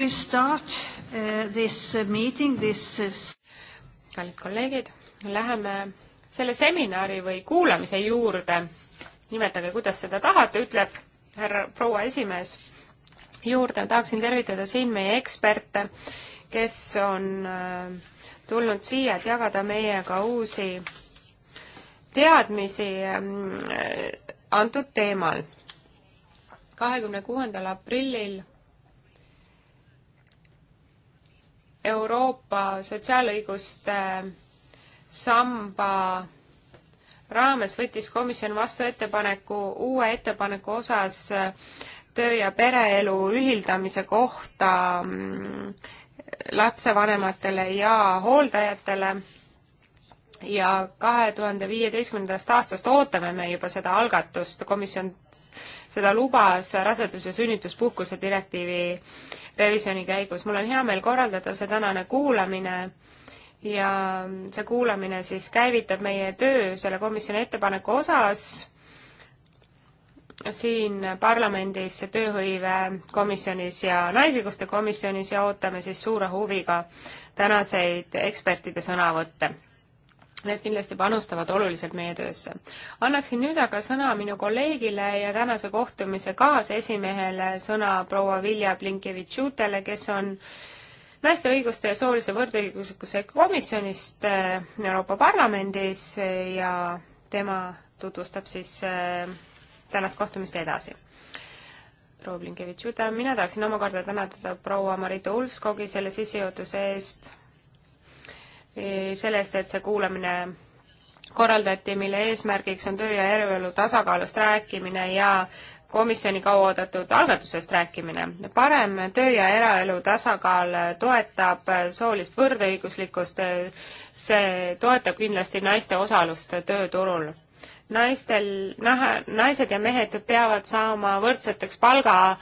We start uh, this uh, meeting, this is... Uh, kallid kolleegid, läheme selle seminari või kuulamise juurde. nimetage, kuidas seda tahate, ütleb härra proua esimees. juurde tahaksin tervitada siin meie eksperte, kes on uh, tulnud siia, et jagada meiega uusi teadmisi ähm, äh, antud teemal. kahekümne kuuendal aprillil Euroopa sotsiaalõiguste samba raames võttis komisjon vastu ettepaneku uue ettepaneku osas äh, töö ja pereelu ühildamise kohta mm, lapsevanematele ja hooldajatele ja kahe tuhande viieteistkümnendast aastast ootame me juba seda algatust, komisjon seda lubas rasedus- ja sünnituspuhkuse direktiivi revisjoni käigus. mul on hea meel korraldada see tänane kuulamine ja see kuulamine siis käivitab meie töö selle komisjoni ettepaneku osas siin parlamendis, tööhõive komisjonis ja naisõiguste komisjonis ja ootame siis suure huviga tänaseid ekspertide sõnavõtte. Need kindlasti panustavad oluliselt meie töösse. annaksin nüüd aga sõna minu kolleegile ja tänase kohtumise kaasesimehele, sõna proua Vilja Blinkevitšutele, kes on naiste õiguste ja soolise võrdõiguslikkuse komisjonist äh, Euroopa Parlamendis äh, ja tema tutvustab siis äh, tänast kohtumist edasi proua Blinkevitš-Juta, mina tahaksin omakorda tänada proua Marita Ulfskogi selle sissejuhatuse eest selle eest, et see kuulamine korraldati, mille eesmärgiks on töö ja eraelu tasakaalust rääkimine ja komisjoni kauaoodatud algatusest rääkimine. parem töö ja eraelu tasakaal toetab soolist võrdõiguslikkust, see toetab kindlasti naiste osalust tööturul. naistel, naised ja mehed peavad saama võrdseteks palga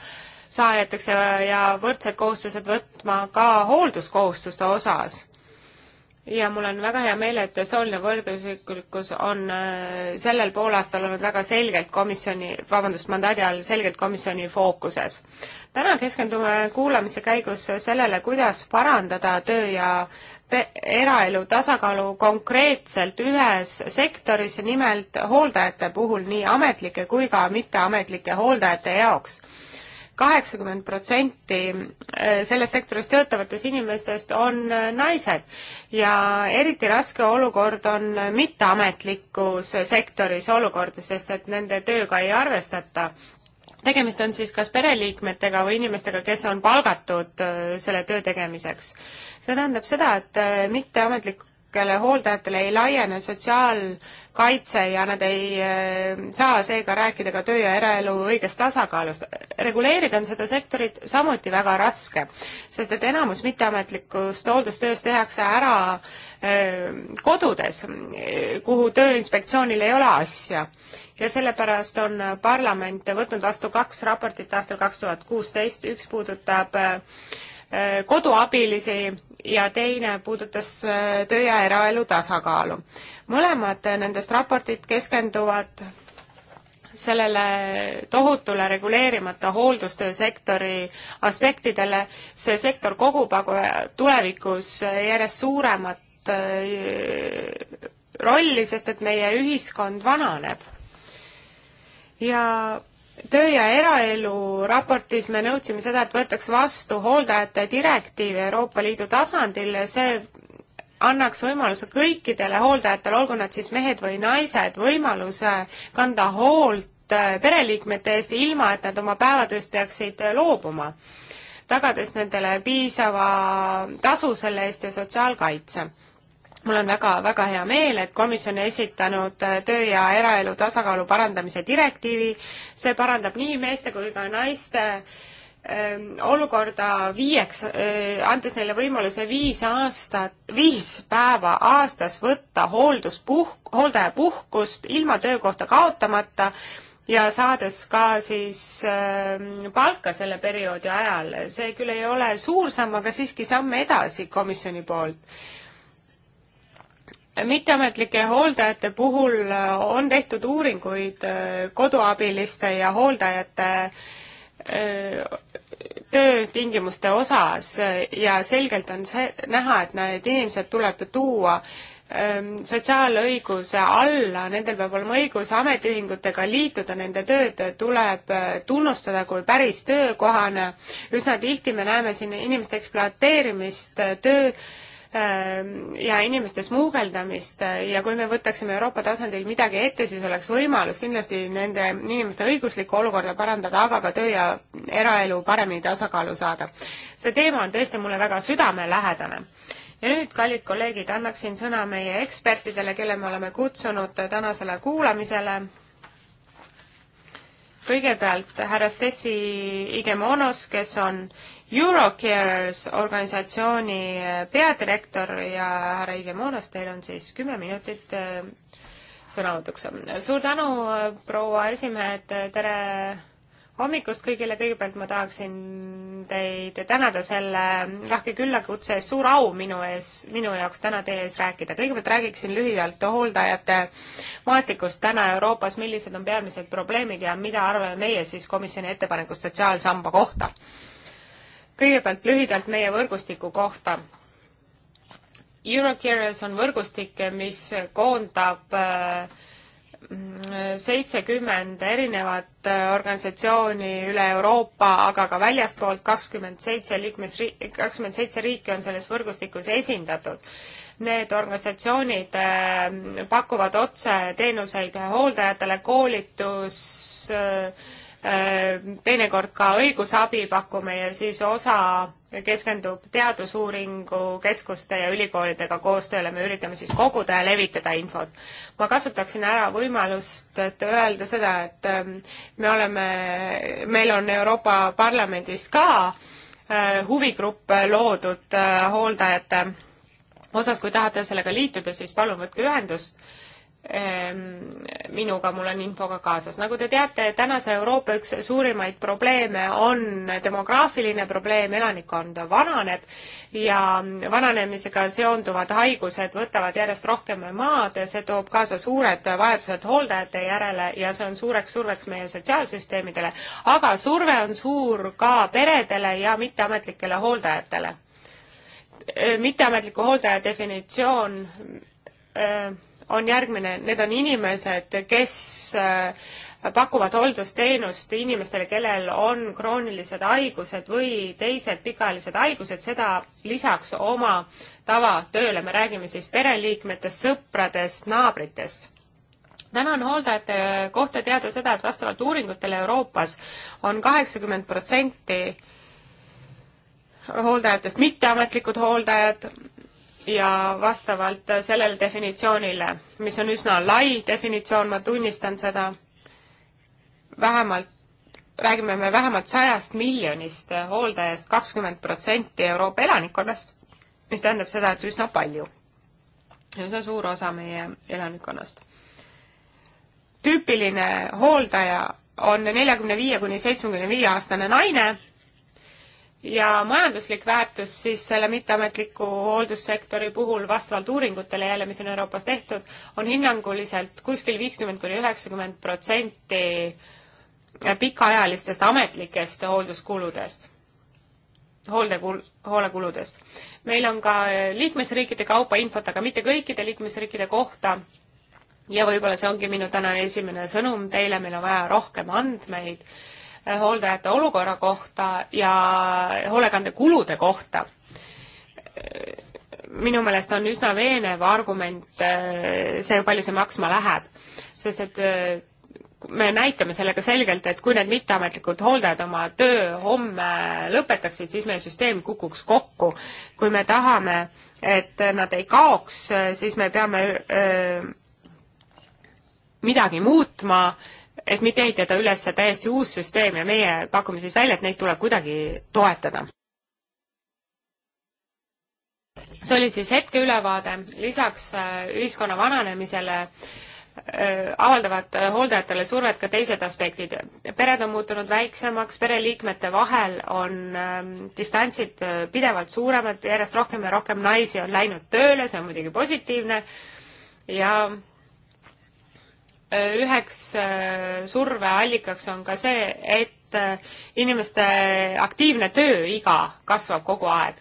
saajateks ja, ja võrdsed kohustused võtma ka hoolduskohustuste osas ja mul on väga hea meel, et sooline võrdõiguslikkus on äh, sellel poolaastal olnud väga selgelt komisjoni, vabandust, mandaadi all selgelt komisjoni fookuses. täna keskendume kuulamise käigus sellele, kuidas parandada töö ja eraelu tasakaalu konkreetselt ühes sektoris, nimelt hooldajate puhul, nii ametlike kui ka mitteametlike hooldajate jaoks kaheksakümmend protsenti äh, selles sektoris töötavatest inimestest on äh, naised ja eriti raske olukord on mitteametlikus sektoris olukord, sest et nende tööga ei arvestata tegemist on siis kas pereliikmetega või inimestega, kes on palgatud äh, selle töö tegemiseks. see tähendab seda, et mitteametlik, kodanikele, hooldajatele ei laiene sotsiaalkaitse ja nad ei eh, saa seega rääkida ka töö ja eraelu õigest tasakaalust. reguleerida on seda sektorit samuti väga raske, sest et enamus mitteametlikust hooldustööst tehakse ära eh, kodudes, kuhu Tööinspektsioonil ei ole asja. ja sellepärast on parlament võtnud vastu kaks raportit aastal kaks tuhat kuusteist, üks puudutab eh, koduabilisi ja teine puudutas äh, töö ja eraelu tasakaalu. mõlemad nendest raportid keskenduvad sellele tohutule reguleerimata hooldustöösektori aspektidele, see sektor kogub aga tulevikus järjest suuremat äh, rolli, sest et meie ühiskond vananeb. ja töö- ja eraelu raportis me nõudsime seda, et võetaks vastu hooldajate direktiiv Euroopa Liidu tasandil ja see annaks võimaluse kõikidele hooldajatele, olgu nad siis mehed või naised, võimaluse kanda hoolt äh, pereliikmete eest, ilma et nad oma päevatööst peaksid äh, loobuma, tagades nendele piisava tasu selle eest ja sotsiaalkaitse mul on väga-väga hea meel, et komisjon esitanud äh, töö ja eraelu tasakaalu parandamise direktiivi. see parandab nii meeste kui ka naiste ähm, olukorda viieks, äh, andes neile võimaluse viis aastat, viis päeva aastas võtta hoolduspuhk, hooldajapuhkust ilma töökohta kaotamata ja saades ka siis ähm, palka selle perioodi ajal. see küll ei ole suur samm, aga siiski samm edasi komisjoni poolt mitteametlike hooldajate puhul äh, on tehtud uuringuid äh, koduabiliste ja hooldajate äh, töötingimuste osas ja selgelt on see näha, et need inimesed tuleb tuua ähm, sotsiaalõiguse alla, nendel peab olema õigus ametiühingutega liituda, nende tööd tuleb tunnustada kui päris töökohane. üsna tihti me näeme siin inimeste ekspluateerimist töö Ehm, ja inimeste smuugeldamist äh, ja kui me võtaksime Euroopa tasandil midagi ette, siis oleks võimalus kindlasti nende inimeste õiguslikku olukorda parandada, aga ka töö ja eraelu paremini tasakaalu saada. see teema on tõesti mulle väga südamelähedane ja nüüd, kallid kolleegid, annaksin sõna meie ekspertidele, kelle me oleme kutsunud tänasele kuulamisele. kõigepealt härra Stessi Igemonos, kes on Eurocarers organisatsiooni eh, peadirektor ja härra Igor Moonas, teil on siis kümme minutit eh, sõnavõtuks. suur tänu, eh, proua esimehed, tere hommikust kõigile, kõigepealt ma tahaksin teid tänada selle lahke küllakutse eest, suur au minu ees, minu jaoks täna teie ees rääkida. kõigepealt räägiksin lühidalt hooldajate maastikust täna Euroopas, millised on peamised probleemid ja mida arvame meie siis komisjoni ettepanekust sotsiaalsamba kohta kõigepealt lühidalt meie võrgustiku kohta. Eurocurious on võrgustik, mis koondab äh, seitsekümmend erinevat äh, organisatsiooni üle Euroopa, aga ka väljaspoolt kakskümmend seitse liikmesriik, kakskümmend seitse riiki on selles võrgustikus esindatud need organisatsioonid äh, pakuvad otse teenuseid hooldajatele, koolitus, Äh, teinekord ka õigusabi pakume ja siis osa keskendub teadusuuringu keskuste ja ülikoolidega koostööle, me üritame siis koguda ja levitada infot. ma kasutaksin ära võimalust, et öelda seda, et ähm, me oleme, meil on Euroopa Parlamendis ka äh, huvigrupp loodud äh, hooldajate osas, kui tahate sellega liituda, siis palun võtke ühendust Ehm, minuga, mul on infoga kaasas. nagu te teate, tänase Euroopa üks suurimaid probleeme on demograafiline probleem, elanikkond vananeb ja vananemisega seonduvad haigused võtavad järjest rohkem maad, see toob kaasa suured vajadused hooldajate järele ja see on suureks surveks meie sotsiaalsüsteemidele, aga surve on suur ka peredele ja mitteametlikele hooldajatele. Ehm, mitteametliku hooldaja definitsioon öö, ehm, on järgmine, need on inimesed, kes äh, pakuvad hooldusteenust inimestele, kellel on kroonilised haigused või teised pikaajalised haigused, seda lisaks oma tavatööle, me räägime siis pereliikmetest, sõpradest, naabritest täna on hooldajate kohta teada seda, et vastavalt uuringutele Euroopas on kaheksakümmend protsenti hooldajatest mitteametlikud hooldajad ja vastavalt sellele definitsioonile, mis on üsna lai definitsioon, ma tunnistan seda, vähemalt, räägime me vähemalt sajast miljonist hooldajast, kakskümmend protsenti Euroopa elanikkonnast, mis tähendab seda, et üsna palju. üsna suur osa meie elanikkonnast. tüüpiline hooldaja on neljakümne viie kuni seitsmekümne viie aastane naine ja majanduslik väärtus siis selle mitteametliku hooldussektori puhul vastavalt uuringutele jälle, mis on Euroopas tehtud, on hinnanguliselt kuskil viiskümmend kuni üheksakümmend protsenti pikaajalistest ametlikest hoolduskuludest, hooldekul-, hoolekuludest. meil on ka liikmesriikide kaupa infot, aga mitte kõikide liikmesriikide kohta ja võib-olla see ongi minu tänane esimene sõnum teile, meil on vaja rohkem andmeid hooldajate olukorra kohta ja hoolekandekulude kohta. minu meelest on üsna veenev argument eh, see, palju see maksma läheb, sest et eh, me näitame sellega selgelt, et kui need mitteametlikud hooldajad oma töö homme lõpetaksid, siis meie süsteem kukuks kokku. kui me tahame, et nad ei kaoks, eh, siis me peame öö, midagi muutma et mitte ehitada üles täiesti uus süsteem ja meie pakume siis välja, et neid tuleb kuidagi toetada. see oli siis hetkeülevaade, lisaks äh, ühiskonna vananemisele äh, avaldavad äh, hooldajatele survet ka teised aspektid. pered on muutunud väiksemaks, pereliikmete vahel on ähm, distantsid pidevalt suuremad, järjest rohkem ja rohkem naisi on läinud tööle, see on muidugi positiivne ja üheks äh, surveallikaks on ka see, et äh, inimeste aktiivne tööiga kasvab kogu aeg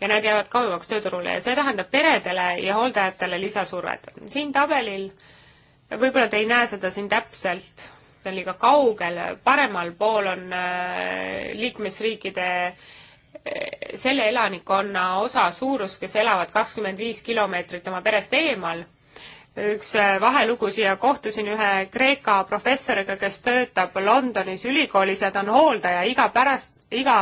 ja nad jäävad kauemaks tööturule ja see tähendab peredele ja hooldajatele lisasurvet. siin tabelil, võib-olla te ei näe seda siin täpselt, ta on liiga kaugel, paremal pool on äh, liikmesriikide selle elanikkonna osa suurus, kes elavad kakskümmend viis kilomeetrit oma perest eemal üks äh, vahelugu siia, kohtusin ühe Kreeka professoriga, kes töötab Londonis ülikoolis ja ta on hooldaja, iga pärast, iga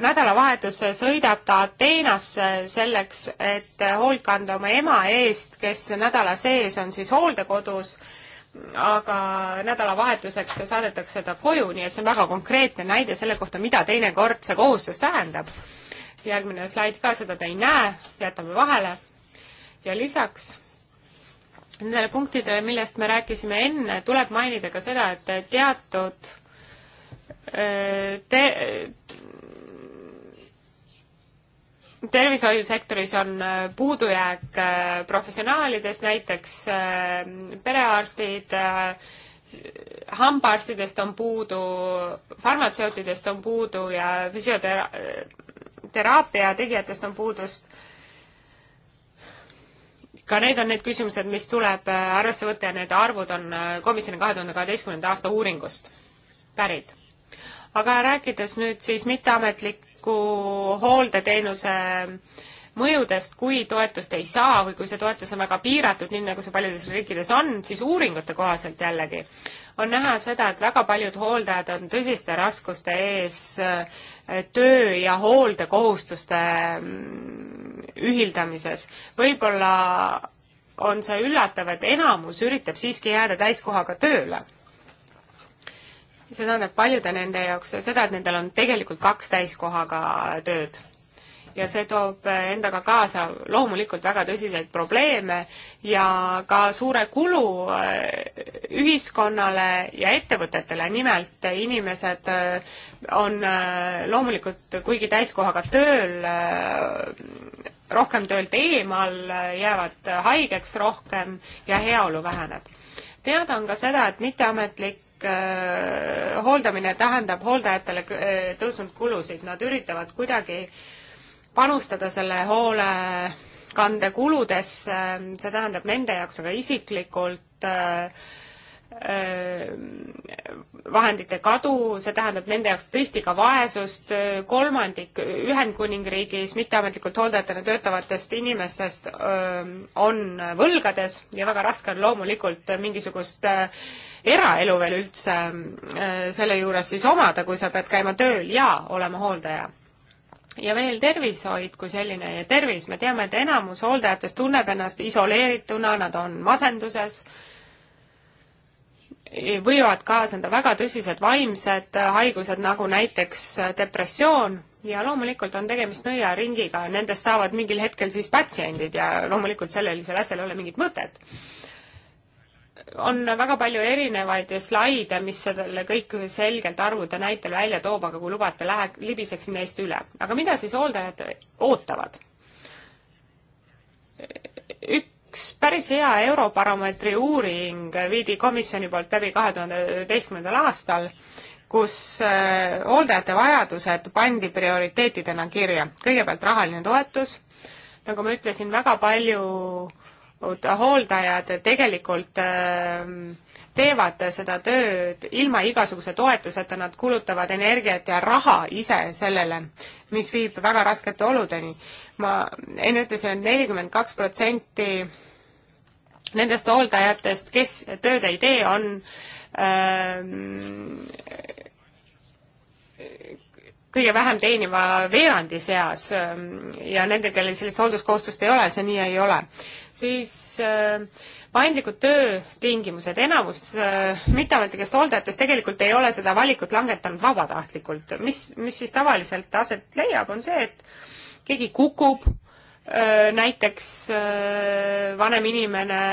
nädalavahetusse sõidab ta Ateenasse selleks, et äh, hoolt kanda oma ema eest, kes nädala sees on siis hooldekodus, aga nädalavahetuseks saadetakse ta koju, nii et see on väga konkreetne näide selle kohta, mida teinekord see kohustus tähendab. järgmine slaid ka, seda te ei näe, jätame vahele. ja lisaks nendele punktidele, millest me rääkisime enne, tuleb mainida ka seda, et teatud eh, te, tervishoiusektoris on eh, puudujääk eh, professionaalidest, näiteks perearstid, hambaarstidest on puudu, farmatseutidest on puudu ja füsioteraapia tegijatest on puudust ka need on need küsimused, mis tuleb äh, arvesse võtta ja need arvud on äh, komisjoni kahe tuhande kaheteistkümnenda aasta uuringust pärit. aga rääkides nüüd siis mitteametliku hooldeteenuse äh, mõjudest, kui toetust ei saa või kui see toetus on väga piiratud, nii nagu see paljudes riikides on, siis uuringute kohaselt jällegi on näha seda, et väga paljud hooldajad on tõsiste raskuste ees äh, töö ja hooldekohustuste mm, ühildamises. võib-olla on see üllatav, et enamus üritab siiski jääda täiskohaga tööle. see tähendab paljude nende jaoks seda, et nendel on tegelikult kaks täiskohaga tööd ja see toob endaga kaasa loomulikult väga tõsiseid probleeme ja ka suure kulu äh, ühiskonnale ja ettevõtetele. nimelt äh, inimesed äh, on loomulikult kuigi täiskohaga tööl, rohkem töölt eemal, jäävad haigeks rohkem ja heaolu väheneb. teada on ka seda, et mitteametlik hooldamine tähendab hooldajatele tõusnud kulusid, nad üritavad kuidagi äh, panustada selle hoolekande kuludesse, see tähendab nende jaoks aga isiklikult äh, äh, vahendite kadu, see tähendab nende jaoks tihti ka vaesust, kolmandik Ühendkuningriigis mitteametlikult hooldajatena töötavatest inimestest äh, on võlgades ja väga raske on loomulikult mingisugust eraelu veel üldse selle juures siis omada, kui sa pead käima tööl ja olema hooldaja ja veel tervishoid kui selline ja tervis, me teame, et enamus hooldajatest tunneb ennast isoleerituna, nad on masenduses, võivad kaasneda väga tõsised vaimsed haigused, nagu näiteks depressioon ja loomulikult on tegemist nõiaringiga, nendest saavad mingil hetkel siis patsiendid ja loomulikult sellel, sellel asjal ei ole mingit mõtet on väga palju erinevaid slaide, mis sellele kõik selgelt arvude näitel välja toob, aga kui lubate, lähe, libiseks neist üle. aga mida siis hooldajad ootavad? üks päris hea Eurobaromeetri uuring viidi komisjoni poolt läbi kahe tuhande üheteistkümnendal aastal, kus äh, hooldajate vajadused pandi prioriteetidena kirja. kõigepealt rahaline toetus, nagu ma ütlesin, väga palju hooldajad tegelikult ähm, teevad seda tööd ilma igasuguse toetuseta, nad kulutavad energiat ja raha ise sellele, mis viib väga raskete oludeni. ma enne ütlesin et, et nelikümmend kaks protsenti nendest hooldajatest, kes tööd ei tee, on öö, ähm, kõige vähem teeniva veerandi seas ähm, ja nendel, kellel sellist hoolduskohustust ei ole, see nii ei ole, siis äh, paindlikud töötingimused, enamus äh, mitteametlikest hooldajatest tegelikult ei ole seda valikut langetanud vabatahtlikult. mis, mis siis tavaliselt aset leiab, on see, et keegi kukub, äh, näiteks vanem inimene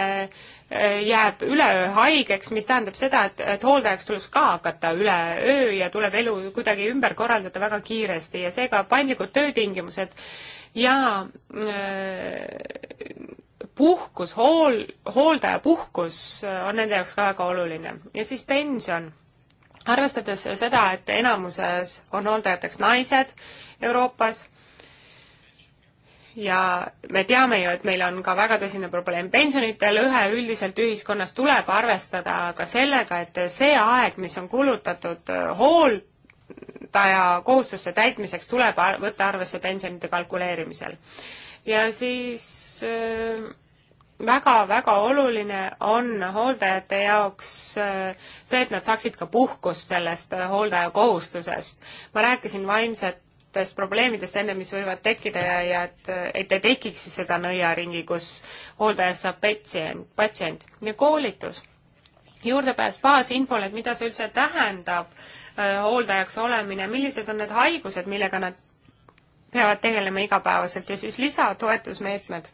jääb üleöö haigeks, mis tähendab seda, et, et hooldajaks tuleks ka hakata üleöö ja tuleb elu kuidagi ümber korraldada väga kiiresti ja seega paindlikud töötingimused ja äh, puhkus, hool, hooldaja puhkus on nende jaoks ka väga oluline ja siis pension arvestades seda, et enamuses on hooldajateks naised Euroopas ja me teame ju, et meil on ka väga tõsine probleem pensionite lõhe, üldiselt ühiskonnas tuleb arvestada ka sellega, et see aeg, mis on kulutatud äh, hooldaja kohustuste täitmiseks, tuleb ar võtta arvesse pensionite kalkuleerimisel. ja siis äh, väga-väga oluline on hooldajate jaoks äh, see, et nad saaksid ka puhkust sellest äh, hooldaja kohustusest. ma rääkisin vaimset nendest probleemidest enne, mis võivad tekkida ja, ja et, et ei tekiks siis seda nõiaringi, kus hooldajast saab patsient, patsient. ja koolitus, juurdepääs baasinfole, et mida see üldse tähendab, äh, hooldajaks olemine, millised on need haigused, millega nad peavad tegelema igapäevaselt ja siis lisatoetusmeetmed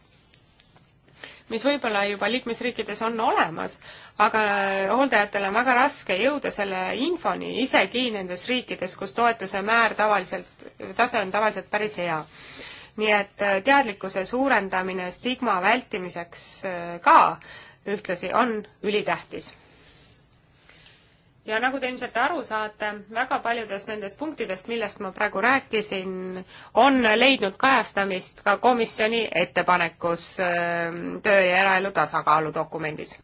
mis võib-olla juba liikmesriikides on olemas, aga hooldajatel on väga raske jõuda selle infoni, isegi nendes riikides, kus toetuse määr tavaliselt, tase on tavaliselt päris hea. nii et äh, teadlikkuse suurendamine stigma vältimiseks äh, ka ühtlasi on ülitähtis ja nagu te ilmselt aru saate, väga paljudest nendest punktidest, millest ma praegu rääkisin, on leidnud kajastamist ka komisjoni ettepanekus ähm, töö ja eraelu tasakaalu dokumendis.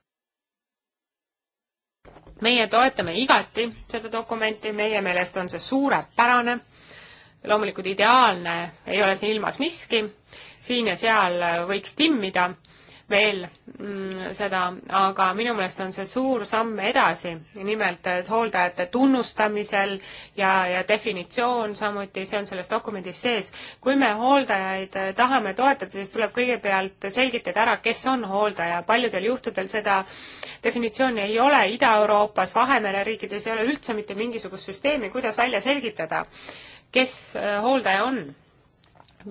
meie toetame igati seda dokumenti, meie meelest on see suurepärane, loomulikult ideaalne ei ole siin ilmas miski, siin ja seal võiks timmida veel mm, seda, aga minu meelest on see suur samm edasi, nimelt et hooldajate tunnustamisel ja, ja definitsioon samuti, see on selles dokumendis sees. kui me hooldajaid eh, tahame toetada, siis tuleb kõigepealt selgitada ära, kes on hooldaja, paljudel juhtudel seda definitsiooni ei ole, Ida-Euroopas, Vahemere riikides ei ole üldse mitte mingisugust süsteemi, kuidas välja selgitada, kes eh, hooldaja on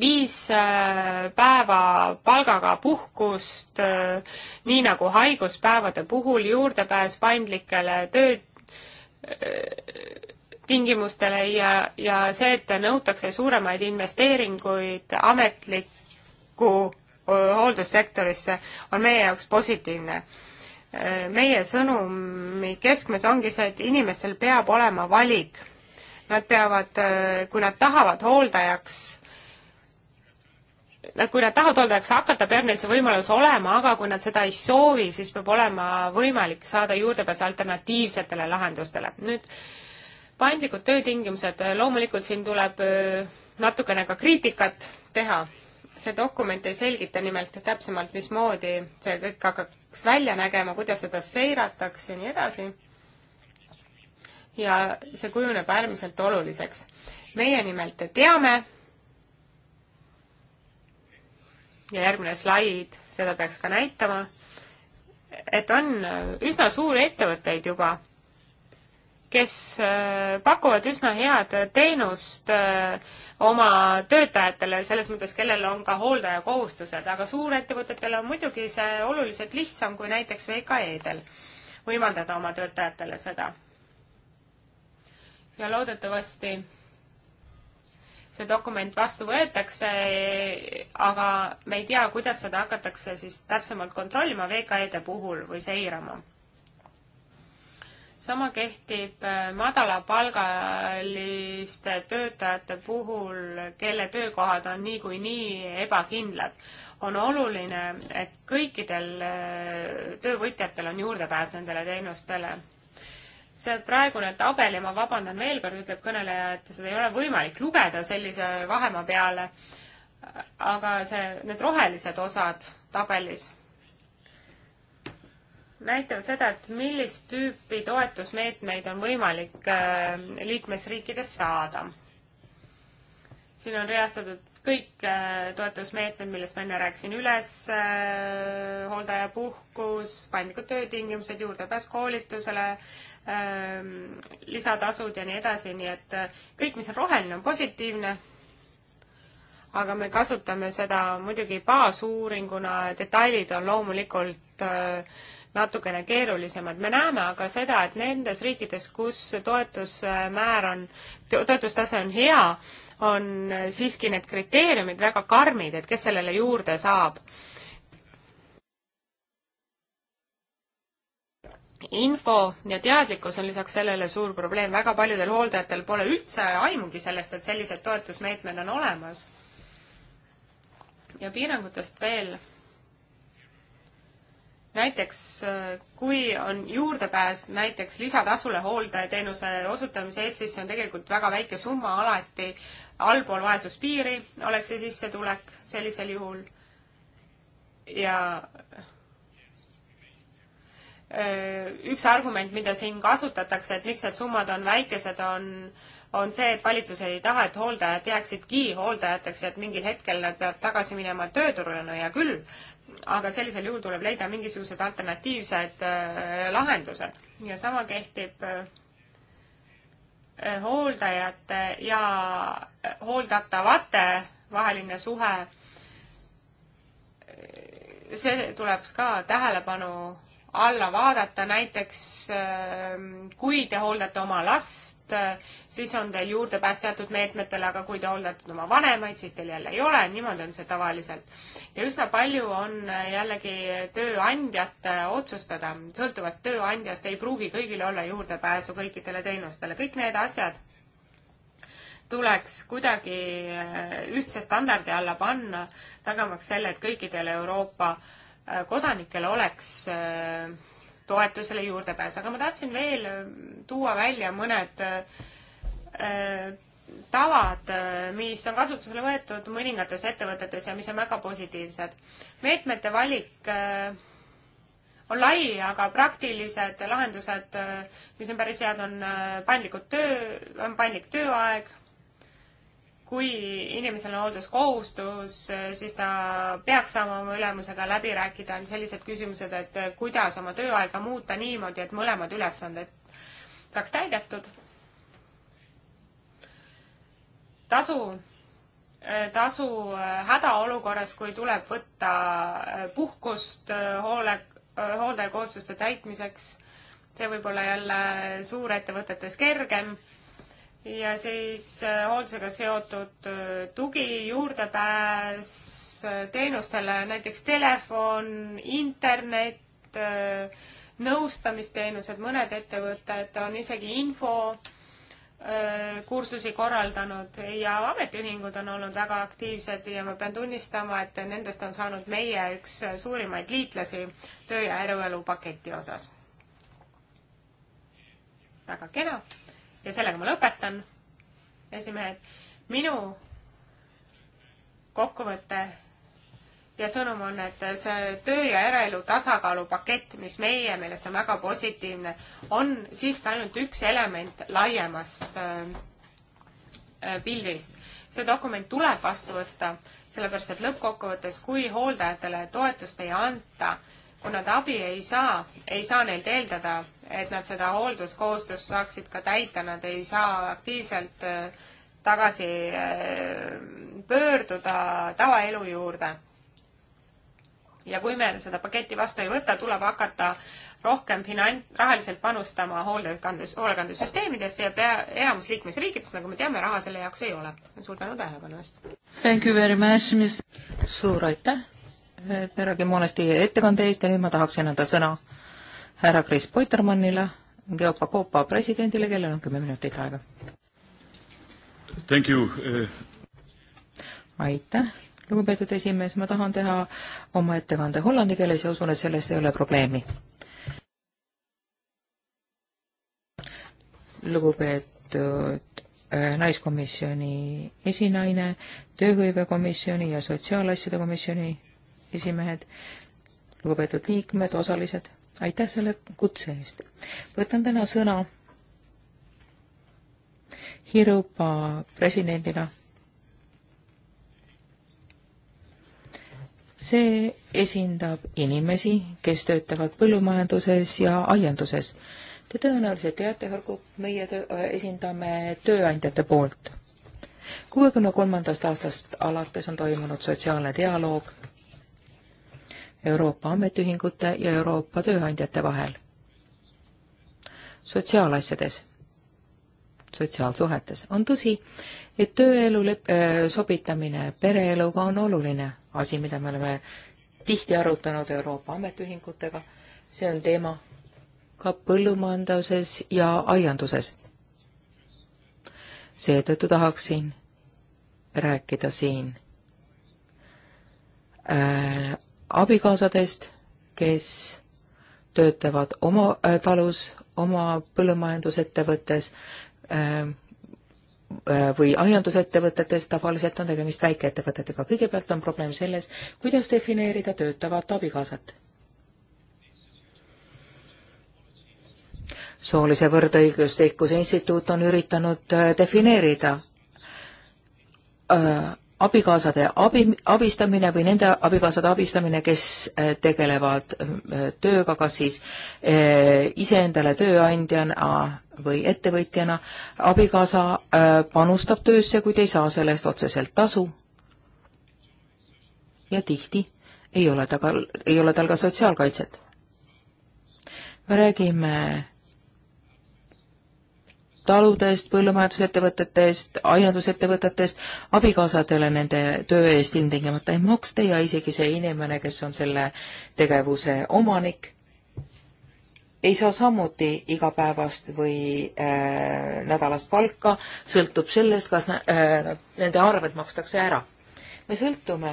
viis äh, päeva palgaga puhkust, äh, nii nagu haiguspäevade puhul, juurdepääs paindlikele töö äh, tingimustele ja, ja see, et nõutakse suuremaid investeeringuid ametlikku hooldussektorisse, on meie jaoks positiivne. meie sõnumi keskmes ongi see, et inimestel peab olema valik. Nad peavad, kui nad tahavad hooldajaks kui nad tahavad olla, eks hakata, peab neil see võimalus olema, aga kui nad seda ei soovi, siis peab olema võimalik saada juurdepääs alternatiivsetele lahendustele. nüüd paindlikud töötingimused, loomulikult siin tuleb äh, natukene ka kriitikat teha. see dokument ei selgita nimelt täpsemalt, mismoodi see kõik hakkaks välja nägema, kuidas seda seiratakse ja nii edasi. ja see kujuneb äärmiselt oluliseks. meie nimelt teame, ja järgmine slaid seda peaks ka näitama, et on üsna suuri ettevõtteid juba, kes äh, pakuvad üsna head teenust äh, oma töötajatele, selles mõttes, kellel on ka hooldajakohustused, aga suurettevõtetel on muidugi see oluliselt lihtsam kui näiteks VKE-del võimaldada oma töötajatele seda. ja loodetavasti see dokument vastu võetakse, aga me ei tea, kuidas seda hakatakse siis täpsemalt kontrollima VKE-de puhul või seirama. sama kehtib äh, madalapalgaliste töötajate puhul, kelle töökohad on niikuinii ebakindlad. on oluline, et kõikidel äh, töövõtjatel on juurdepääs nendele teenustele see praegune tabel ja ma vabandan veel kord, ütleb kõneleja, et seda ei ole võimalik lugeda sellise vahemaa peale. aga see, need rohelised osad tabelis näitavad seda, et millist tüüpi toetusmeetmeid on võimalik äh, liikmesriikides saada. siin on reastatud kõik äh, toetusmeetmed, millest ma enne rääkisin, üles äh, hooldajapuhkus, paindlikud töötingimused, juurdepääs koolitusele, Ähm, lisatasud ja nii edasi, nii et äh, kõik, mis on roheline, on positiivne. aga me kasutame seda muidugi baasuuringuna, detailid on loomulikult äh, natukene keerulisemad. me näeme aga seda, et nendes riikides, kus toetusmäär on, toetustase on hea, on äh, siiski need kriteeriumid väga karmid, et kes sellele juurde saab info ja teadlikkus on lisaks sellele suur probleem, väga paljudel hooldajatel pole üldse aimugi sellest, et sellised toetusmeetmed on olemas. ja piirangutest veel. näiteks kui on juurdepääs näiteks lisatasule hooldajateenuse osutamise eest, siis see on tegelikult väga väike summa alati, allpool vaesuspiiri oleks see sissetulek sellisel juhul ja Äh, üks argument, mida siin kasutatakse, et miks need summad on väikesed, on, on see, et valitsus ei taha, et hooldajad jääksidki hooldajateks, et mingil hetkel nad peavad tagasi minema tööturule, no hea küll, aga sellisel juhul tuleb leida mingisugused alternatiivsed äh, lahendused ja sama kehtib äh, hooldajate ja hooldatavate vaheline suhe. see tuleb ka tähelepanu alla vaadata, näiteks ähm, kui te hooldate oma last, siis on teil juurdepääs teatud meetmetele, aga kui te hooldate oma vanemaid, siis teil jälle ei ole, niimoodi on see tavaliselt. ja üsna palju on äh, jällegi tööandjate äh, otsustada, sõltuvalt tööandjast ei pruugi kõigil olla juurdepääsu kõikidele teenustele, kõik need asjad tuleks kuidagi äh, ühtse standardi alla panna, tagamaks selle, et kõikidel Euroopa äh, kodanikel oleks äh, toetusele juurdepääs, aga ma tahtsin veel äh, tuua välja mõned äh, tavad, mis on kasutusele võetud mõningates ettevõtetes ja mis on väga positiivsed. meetmete valik on lai, aga praktilised lahendused, mis on päris head, on paindlikud töö, on paindlik tööaeg kui inimesel on hoolduskohustus, siis ta peaks saama oma ülemusega läbi rääkida, on sellised küsimused, et kuidas oma tööaega muuta niimoodi, et mõlemad ülesanded saaks täidetud. tasu, äh, tasu äh, hädaolukorras, kui tuleb võtta äh, puhkust hoole, hooldajakohustuste täitmiseks, see võib olla jälle suurettevõtetes kergem ja siis äh, hooldusega seotud äh, tugi, juurdepääs äh, teenustele, näiteks telefon, internet, nõustamisteenused, mõned ettevõtted on isegi infokursusi korraldanud ja ametiühingud on olnud väga aktiivsed ja ma pean tunnistama, et nendest on saanud meie üks suurimaid liitlasi töö ja eluelu paketi osas. väga kena ja sellega ma lõpetan, esimehed, minu kokkuvõte ja sõnum on, et see töö ja eraelu tasakaalu pakett, mis meie meelest on väga positiivne, on siiski ainult üks element laiemast äh, pildist äh,. see dokument tuleb vastu võtta, sellepärast et lõppkokkuvõttes, kui hooldajatele toetust ei anta, kui nad abi ei saa, ei saa neilt eeldada et nad seda hoolduskohustust saaksid ka täita, nad ei saa aktiivselt äh, tagasi äh, pöörduda tavaelu juurde. ja kui me seda paketti vastu ei võta, tuleb hakata rohkem finant, rahaliselt panustama hoolekandes, hoolekandesüsteemidesse ja pea, enamus liikmesriikides, nagu me teame, raha selle jaoks ei ole. suur tänu tähelepanu eest! Thank you very much, mis suur aitäh! Meragi Moonest teie ettekande eest ja nüüd ma tahaksin anda sõna härra Kris Poitermannile, Geopacopa presidendile, kellel on kümme minutit aega. Eh. aitäh, lugupeetud esimees, ma tahan teha oma ettekande hollandi keeles ja usun, et selles ei ole probleemi. lugupeetud eh, naiskomisjoni esinaine, tööhõivekomisjoni ja sotsiaalasjade komisjoni esimehed, lugupeetud liikmed, osalised aitäh selle kutse eest. võtan täna sõna Hiiumaa presidendina. see esindab inimesi, kes töötavad põllumajanduses ja aianduses. Te tõenäoliselt teate, Harku, meie töö, äh, esindame tööandjate poolt kuuekümne kolmandast aastast alates on toimunud sotsiaalne dialoog Euroopa Ametiühingute ja Euroopa Tööandjate vahel. sotsiaalasjades, sotsiaalsuhetes on tõsi, et tööelu lep-, äh, sobitamine pereeluga on oluline asi, mida me oleme tihti arutanud Euroopa ametiühingutega, see on teema ka põllumajanduses ja aianduses. seetõttu tahaksin rääkida siin äh, abikaasadest, kes töötavad oma äh, talus, oma põllumajandusettevõttes äh, äh, või aiandusettevõtetes, tavaliselt on tegemist väikeettevõtetega. kõigepealt on probleem selles, kuidas defineerida töötavat abikaasat. soolise võrdõiguslikkuse instituut on üritanud äh, defineerida äh, abikaasade abi, abistamine või nende abikaasade abistamine, kes äh, tegelevad äh, tööga, kas siis eh, iseendale tööandjana või ettevõtjana, abikaasa eh, panustab töösse, kuid ei saa selle eest otseselt tasu. ja tihti ei ole ta ka, ei ole tal ka sotsiaalkaitset. me räägime taludest, põllumajandusettevõtetest, aiandusettevõtetest, abikaasadele nende töö eest ilmtingimata ei maksta ja isegi see inimene, kes on selle tegevuse omanik, ei saa samuti igapäevast või äh, nädalast palka, sõltub sellest, kas äh, nende arved makstakse ära. me sõltume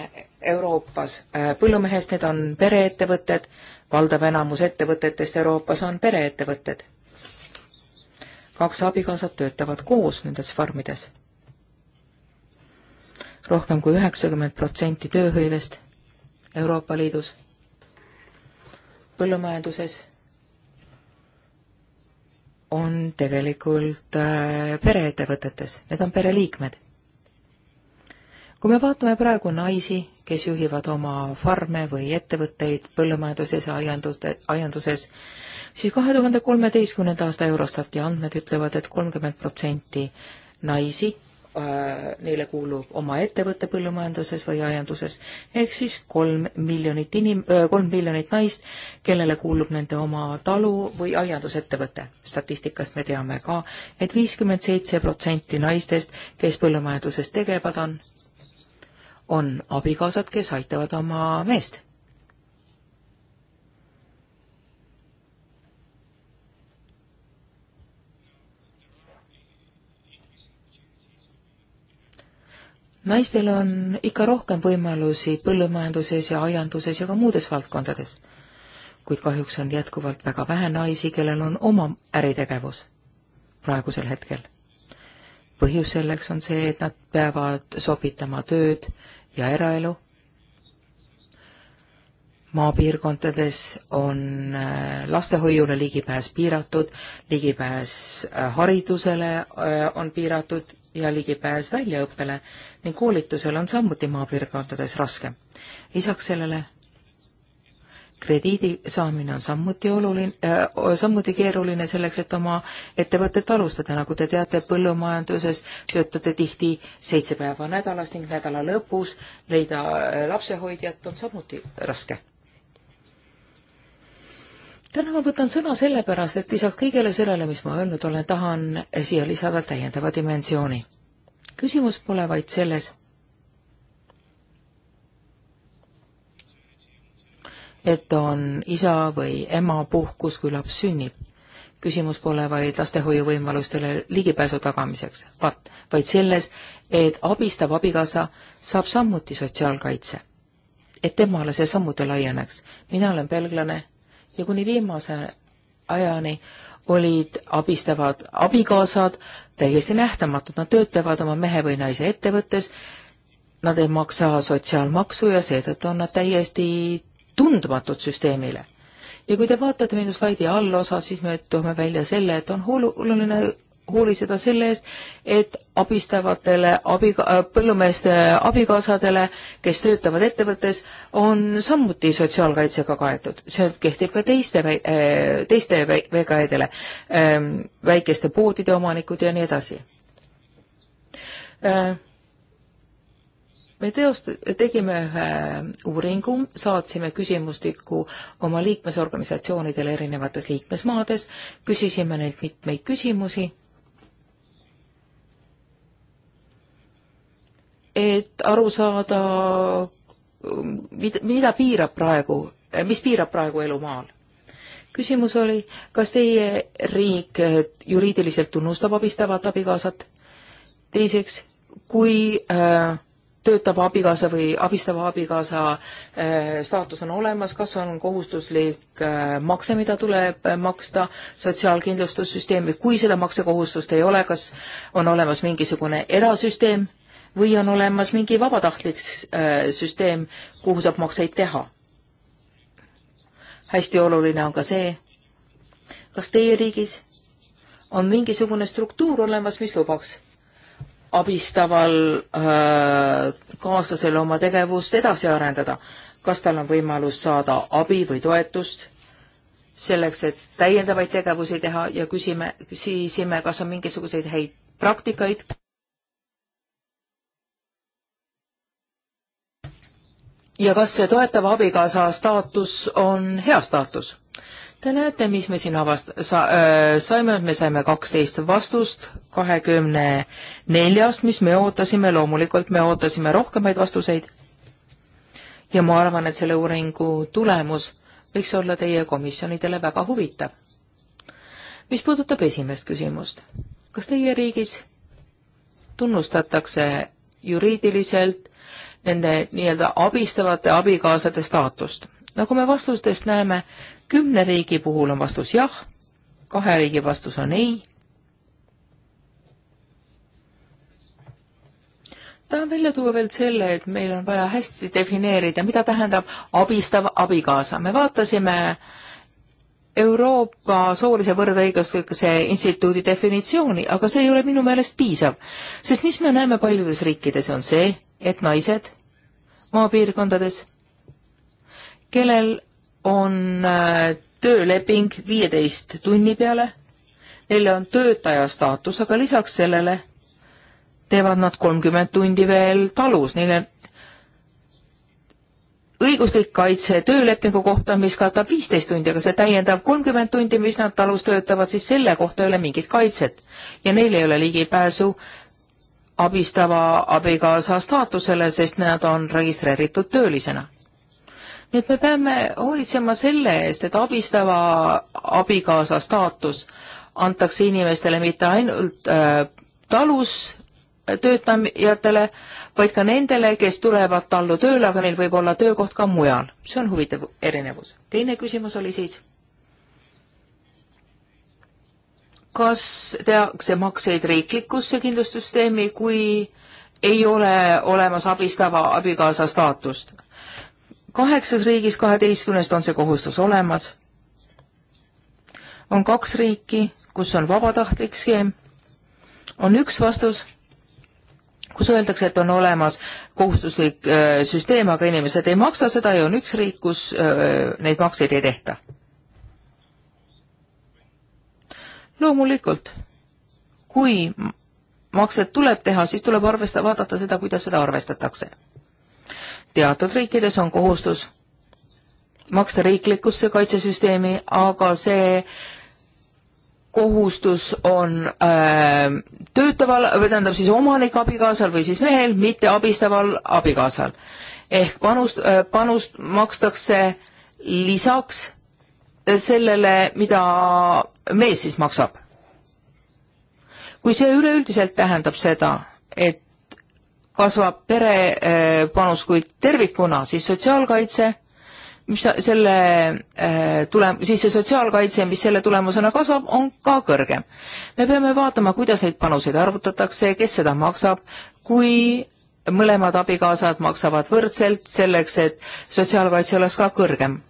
Euroopas äh, põllumehest, need on pereettevõtted, valdav enamus ettevõtetest Euroopas on pereettevõtted kaks abikaasat töötavad koos nendes farmides. rohkem kui üheksakümmend protsenti tööhõivest Euroopa Liidus, põllumajanduses on tegelikult äh, pereettevõtetes, need on pereliikmed. kui me vaatame praegu naisi, kes juhivad oma farme või ettevõtteid põllumajanduses ja aiandus, aianduses, siis kahe tuhande kolmeteistkümnenda aasta Eurostati andmed ütlevad et, et kolmkümmend protsenti naisi äh, neile kuulub oma ettevõte põllumajanduses või aianduses, ehk siis kolm miljonit inim-, äh, kolm miljonit naist, kellele kuulub nende oma talu või aiandusettevõte. statistikast me teame ka et, et viiskümmend seitse protsenti naistest, kes põllumajanduses tegevad on, on abikaasad, kes aitavad oma meest. naistel on ikka rohkem võimalusi põllumajanduses ja aianduses ja ka muudes valdkondades. kuid kahjuks on jätkuvalt väga vähe naisi, kellel on oma äritegevus praegusel hetkel. põhjus selleks on see, et nad peavad sobitama tööd ja eraelu. maapiirkondades on äh, lastehoiule ligipääs piiratud, ligipääs äh, haridusele äh, on piiratud ja ligipääs väljaõppele ning koolitusele on samuti maapiirkondades raskem. lisaks sellele krediidi saamine on samuti oluline äh,, samuti keeruline selleks, et oma ettevõtet alustada, nagu te teate, põllumajanduses töötate tihti seitse päeva nädalas ning nädala lõpus leida lapsehoidjat on samuti raske täna ma võtan sõna sellepärast, et lisaks kõigele sellele, mis ma öelnud olen, tahan siia lisada täiendava dimensiooni. küsimus pole vaid selles, et on isa või ema puhkus, kui laps sünnib küsimus pole vaid lastehoiuvõimalustele ligipääsu tagamiseks, vaat, vaid selles, et abistav abikaasa saab samuti sotsiaalkaitse. et temale see samuti laieneks. mina olen belglane ja kuni viimase ajani olid abistavad abikaasad täiesti nähtamatud, nad töötavad oma mehe või naise ettevõttes, nad ei maksa sotsiaalmaksu ja seetõttu on nad täiesti tundmatud süsteemile. ja kui te vaatate minu slaidi allosa, siis me toome välja selle, et on oluline hoolitseda selle eest, et abistavatele abi, äh, põllumeeste abikaasadele, kes töötavad ettevõttes, on samuti sotsiaalkaitsega kaetud. see kehtib ka teiste, äh, teiste veekaedele, ähm, väikeste poodide omanikud ja nii edasi. Äh, me teost-, tegime ühe uuringu, saatsime küsimustiku oma liikmesorganisatsioonidele erinevates liikmesmaades, küsisime neilt mitmeid küsimusi et aru saada, mida piirab praegu, mis piirab praegu elu maal. küsimus oli, kas teie riik juriidiliselt tunnustab abistavat abikaasat? teiseks, kui äh, töötava abikaasa või abistava abikaasa äh, staatus on olemas, kas on kohustuslik äh, makse, mida tuleb äh, maksta sotsiaalkindlustussüsteemi, kui seda maksekohustust ei ole, kas on olemas mingisugune erasüsteem, või on olemas mingi vabatahtlik äh, süsteem, kuhu saab makseid teha? hästi oluline on ka see, kas teie riigis on mingisugune struktuur olemas, mis lubaks abistaval öö, äh, kaaslasel oma tegevust edasi arendada, kas tal on võimalus saada abi või toetust selleks, et täiendavaid tegevusi teha ja küsime, küsisime, kas on mingisuguseid häid praktikaid ja kas see toetava abikaasa staatus on hea staatus? Te näete, mis me siin avast-, sa- äh,, saime, me saime kaksteist vastust kahekümne neljast, mis me ootasime, loomulikult me ootasime rohkemaid vastuseid. ja ma arvan, et selle uuringu tulemus võiks olla teie komisjonidele väga huvitav. mis puudutab esimest küsimust, kas teie riigis tunnustatakse juriidiliselt nende nii-öelda abistavate abikaasade staatust. nagu me vastustest näeme, kümne riigi puhul on vastus jah, kahe riigi vastus on ei. tahan välja tuua veel selle, et meil on vaja hästi defineerida, mida tähendab abistav abikaasa. me vaatasime Euroopa soolise võrdõiguslikkuse instituudi definitsiooni, aga see ei ole minu meelest piisav, sest mis me näeme paljudes riikides, on see, et naised maapiirkondades, kellel on äh, tööleping viieteist tunni peale, neile on töötaja staatus, aga lisaks sellele teevad nad kolmkümmend tundi veel talus, neile õiguslik kaitse töölepingu kohta, mis katab viisteist tundi, aga see täiendav kolmkümmend tundi, mis nad talus töötavad, siis selle kohta ei ole mingit kaitset ja neil ei ole ligipääsu abistava abikaasa staatusele, sest nad on registreeritud töölisena. nii et me peame hoolitsema selle eest, et abistava abikaasa staatus antakse inimestele mitte ainult äh, talus töötajatele, vaid ka nendele, kes tulevad tallu tööle, aga neil võib olla töökoht ka mujal. see on huvitav erinevus. teine küsimus oli siis kas tehakse makseid riiklikusse kindlustussüsteemi, kui ei ole olemas abistava abikaasa staatust? kaheksas riigis kaheteistkümnest on see kohustus olemas. on kaks riiki, kus on vabatahtlik skeem. on üks vastus, kus öeldakse, et on olemas kohustuslik öö, äh, süsteem, aga inimesed ei maksa seda ja on üks riik, kus öö, äh, neid makseid ei tehta loomulikult, kui makset tuleb teha, siis tuleb arvesta, vaadata seda, kuidas seda arvestatakse. teatud riikides on kohustus maksta riiklikusse kaitsesüsteemi, aga see kohustus on äh, töötaval või tähendab siis omanik abikaasal või siis mehel, mitte abistaval abikaasal. ehk panust äh,, panust makstakse lisaks sellele, mida mees siis maksab. kui see üleüldiselt tähendab seda, et kasvab pere eh, panus kui tervikuna, siis sotsiaalkaitse, mis selle eh, tule-, siis see sotsiaalkaitse, mis selle tulemusena kasvab, on ka kõrgem. me peame vaatama, kuidas neid panuseid arvutatakse, kes seda maksab, kui mõlemad abikaasad maksavad võrdselt selleks, et sotsiaalkaitse oleks ka kõrgem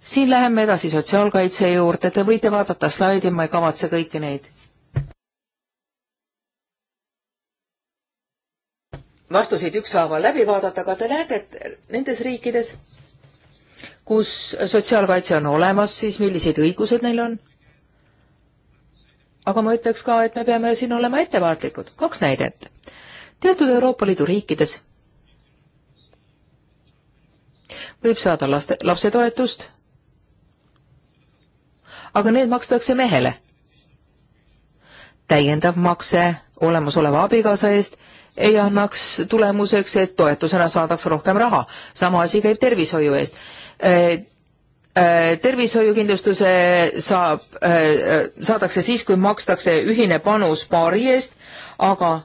siin läheme edasi sotsiaalkaitse juurde, te võite vaadata slaidi, ma ei kavatse kõiki neid. vastuseid ükshaaval läbi vaadata, aga te näete, et nendes riikides, kus sotsiaalkaitse on olemas, siis millised õigused neil on? aga ma ütleks ka, et me peame siin olema ettevaatlikud. kaks näidet. teatud Euroopa Liidu riikides võib saada laste, lapsetoetust aga need makstakse mehele. täiendav makse olemasoleva abikaasa eest ei annaks tulemuseks, et toetusena saadaks rohkem raha. sama asi käib tervishoiu eest äh, äh, tervishoiukindlustuse saab, äh, saadakse siis, kui makstakse ühine panus paari eest, aga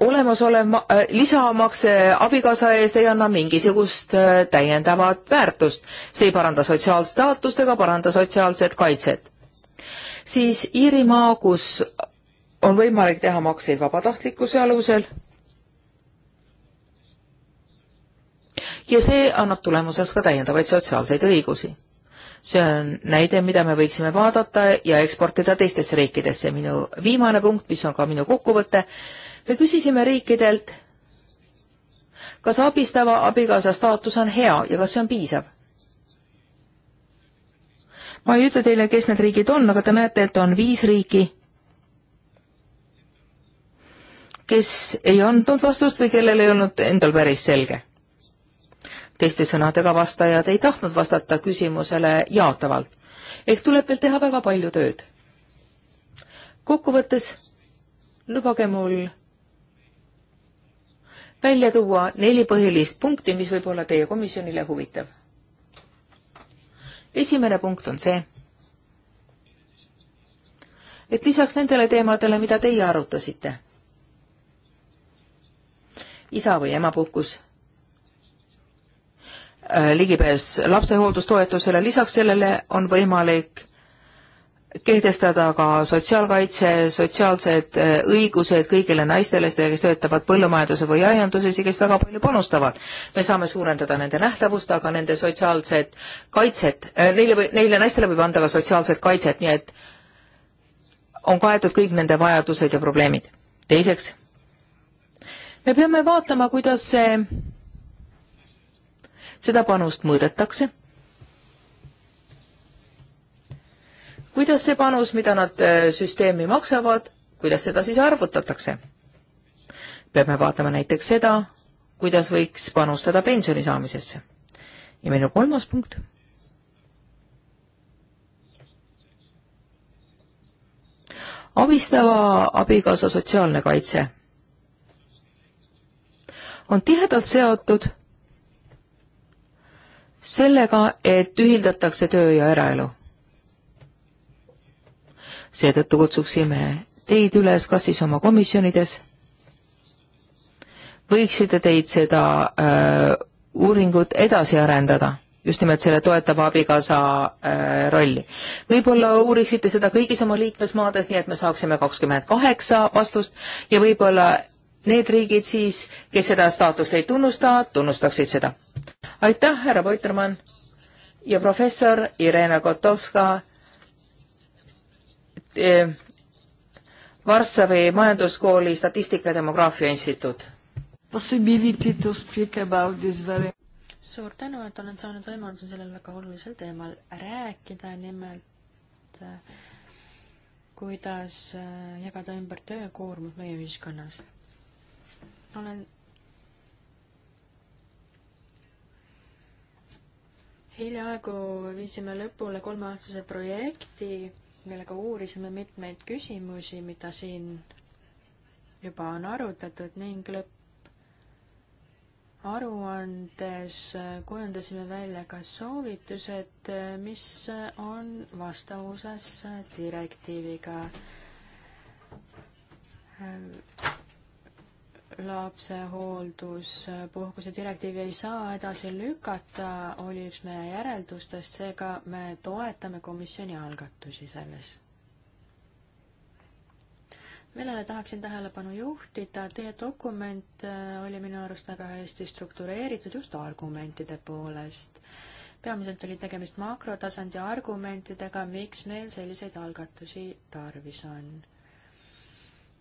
olemasolev äh, lisamakse abikaasa eest ei anna mingisugust äh, täiendavat väärtust. see ei paranda sotsiaalstaatust ega paranda sotsiaalset kaitset. siis Iirimaa, kus on võimalik teha makseid vabatahtlikkuse alusel. ja see annab tulemuseks ka täiendavaid sotsiaalseid õigusi see on näide, mida me võiksime vaadata ja eksportida teistesse riikidesse. minu viimane punkt, mis on ka minu kokkuvõte, me küsisime riikidelt, kas abistava abikaasa staatus on hea ja kas see on piisav. ma ei ütle teile, kes need riigid on, aga te näete, et on viis riiki, kes ei andnud vastust või kellel ei olnud endal päris selge. teiste sõnadega, vastajad ei tahtnud vastata küsimusele jaatavalt. ehk tuleb veel teha väga palju tööd. kokkuvõttes lubage mul välja tuua neli põhilist punkti, mis võib olla teie komisjonile huvitav. esimene punkt on see, et lisaks nendele teemadele, mida teie arutasite, isa või emapuhkus, äh, ligipääs lapsehooldustoetusele, lisaks sellele on võimalik kehtestada ka sotsiaalkaitse, sotsiaalsed äh, õigused kõigile naistele, kes töötavad põllumajanduse või aianduses ja kes väga palju panustavad. me saame suurendada nende nähtavust, aga nende sotsiaalset kaitset, äh, neile või, neile naistele võib anda ka sotsiaalset kaitset, nii et on kaetud kõik nende vajadused ja probleemid. teiseks, me peame vaatama, kuidas see, seda panust mõõdetakse kuidas see panus, mida nad äh, süsteemi maksavad, kuidas seda siis arvutatakse? peame vaatama näiteks seda, kuidas võiks panustada pensioni saamisesse. ja minu kolmas punkt. abistava abikaasa sotsiaalne kaitse on tihedalt seotud sellega, et ühildatakse töö ja eraelu seetõttu kutsuksime teid üles, kas siis oma komisjonides, võiksite teid seda äh, uuringut edasi arendada, just nimelt selle toetava abikaasa äh, rolli. võib-olla uuriksite seda kõigis oma liikmesmaades, nii et me saaksime kakskümmend kaheksa vastust ja võib-olla need riigid siis, kes seda staatust ei tunnusta, tunnustaksid seda. aitäh, härra Poitermann ja professor Irena Kotovska Eh, Varssavi Majanduskooli Statistika ja Demograafia Instituut. Very... suur tänu, et olen saanud võimaluse sellel väga olulisel teemal rääkida, nimelt eh, kuidas eh, jagada ümber töökoormus meie ühiskonnas. olen hiljaaegu viisime lõpule kolmeaastase projekti millega uurisime mitmeid küsimusi, mida siin juba on arutatud ning lõpparuandes kujundasime välja ka soovitused, mis on vastavuses direktiiviga lapsehoolduspuhkuse direktiivi ei saa edasi lükata, oli üks meie järeldustest, seega me toetame komisjoni algatusi selles. millele tahaksin tähelepanu juhtida, teie dokument äh, oli minu arust väga hästi struktureeritud just argumentide poolest. peamiselt oli tegemist makrotasandi argumentidega, miks meil selliseid algatusi tarvis on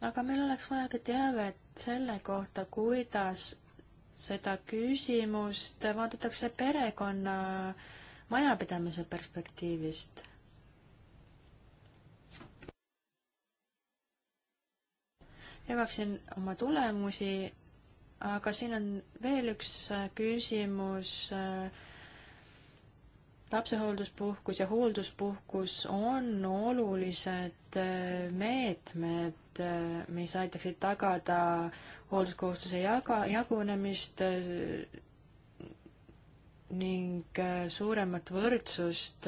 aga meil oleks vaja ka teavet selle kohta, kuidas seda küsimust vaadatakse perekonna majapidamise perspektiivist. jagaksin oma tulemusi, aga siin on veel üks küsimus äh, lapsehoolduspuhkus ja hoolduspuhkus on olulised äh, meetmed, äh, mis aitaksid tagada hoolduskohustuse jaga, jagunemist äh, ning suuremat võrdsust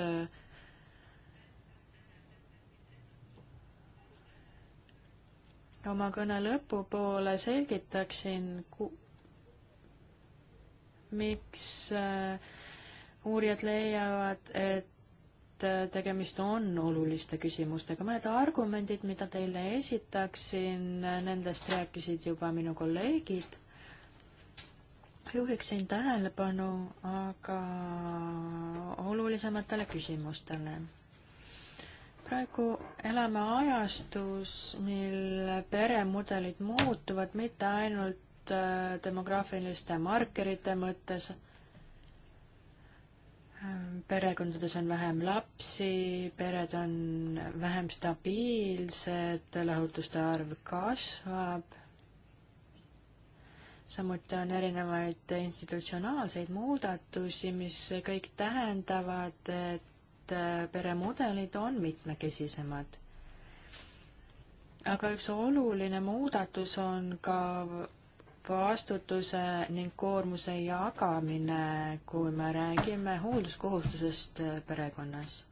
oma kõne lõpupoole selgitaksin, miks äh, uurijad leiavad, et äh, tegemist on oluliste küsimustega. mõned argumendid, mida teile esitaksin, äh, nendest rääkisid juba minu kolleegid. juhiksin tähelepanu aga olulisematele küsimustele praegu elame ajastus, mil peremudelid muutuvad mitte ainult äh, demograafiliste markerite mõttes, perekondades on vähem lapsi, pered on vähem stabiilsed, lahutuste arv kasvab. samuti on erinevaid institutsionaalseid muudatusi, mis kõik tähendavad, et peremudelid on mitmekesisemad. aga üks oluline muudatus on ka vastutuse ning koormuse jagamine, kui me räägime hoolduskohustusest perekonnas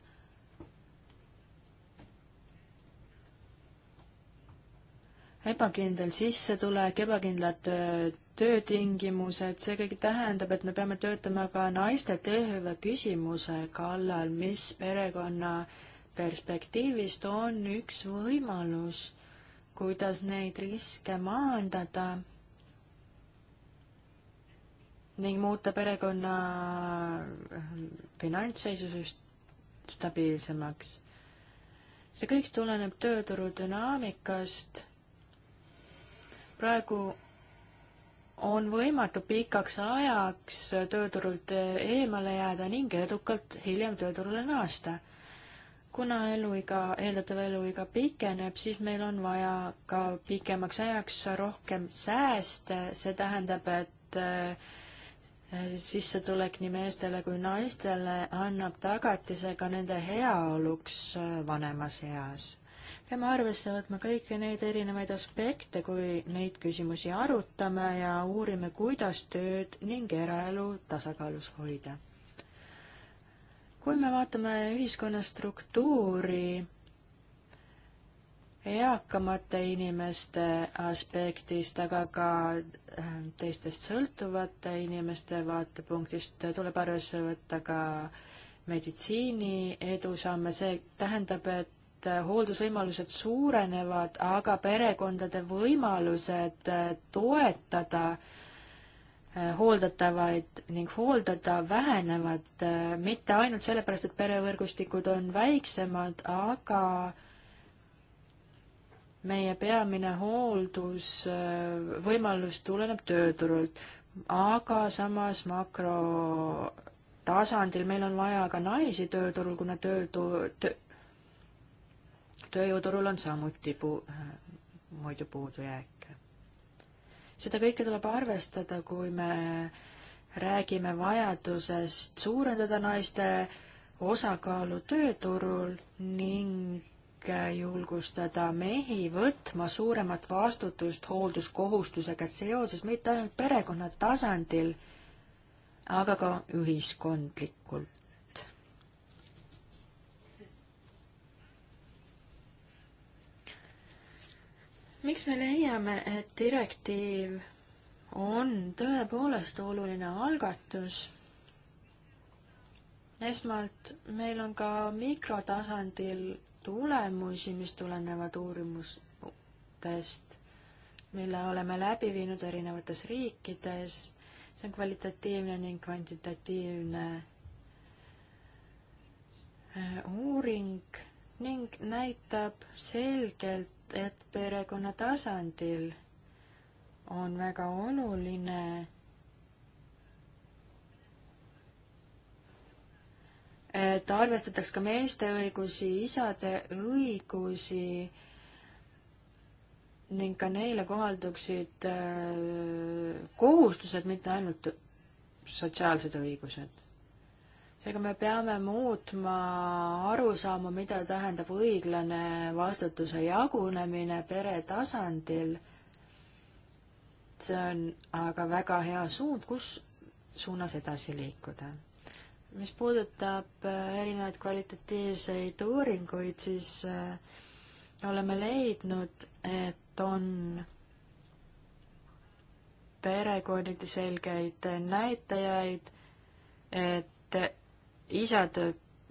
ebakindel sissetulek, ebakindlad töötingimused, see kõik tähendab, et me peame töötama ka naiste tööhõive küsimuse kallal, mis perekonna perspektiivist on üks võimalus, kuidas neid riske maandada ning muuta perekonna äh, finantsseisu stabiilsemaks. see kõik tuleneb tööturu dünaamikast. praegu on võimatu pikaks ajaks tööturult eemale jääda ning edukalt hiljem tööturule naasta. kuna eluiga, eeldatav eluiga pikeneb, siis meil on vaja ka pikemaks ajaks rohkem sääste, see tähendab, et äh, sissetulek nii meestele kui naistele annab tagatise ka nende heaoluks äh, vanemas eas. peame arvesse võtma kõiki neid erinevaid aspekte, kui neid küsimusi arutame ja uurime, kuidas tööd ning eraelu tasakaalus hoida. kui me vaatame ühiskonna struktuuri, eakamate inimeste aspektist, aga ka äh, teistest sõltuvate inimeste vaatepunktist tuleb arvesse võtta ka meditsiini edusamme, see tähendab, et hooldusvõimalused suurenevad, aga perekondade võimalused äh, toetada äh, hooldatavaid ning hooldada vähenevad mitte ainult sellepärast, et perevõrgustikud on väiksemad, aga meie peamine hooldusvõimalus äh, tuleneb tööturult, aga samas makrotasandil meil on vaja ka naisi tööturul, kuna töötu-, töö, tööjõuturul on samuti puu-, äh, muidu puudujääke. seda kõike tuleb arvestada, kui me räägime vajadusest suurendada naiste osakaalu tööturul ning julgustada mehi võtma suuremat vastutust hoolduskohustusega seoses mitte ainult perekonna tasandil, aga ka ühiskondlikult. miks me leiame, et direktiiv on tõepoolest oluline algatus? esmalt meil on ka mikrotasandil tulemusi, mis tulenevad uurimustest, mille oleme läbi viinud erinevates riikides. see on kvalitatiivne ning kvantitatiivne äh, uuring ning näitab selgelt, et perekonna tasandil on väga oluline et arvestataks ka meeste õigusi, isade õigusi ning ka neile kohalduksid äh, kohustused, mitte ainult sotsiaalsed õigused. seega me peame muutma arusaama, mida tähendab õiglane vastutuse jagunemine pere tasandil. see on aga väga hea suund, kus suunas edasi liikuda mis puudutab äh, erinevaid kvalitatiivseid uuringuid, siis äh, oleme leidnud, et on perekonniti selgeid näitajaid, et isad,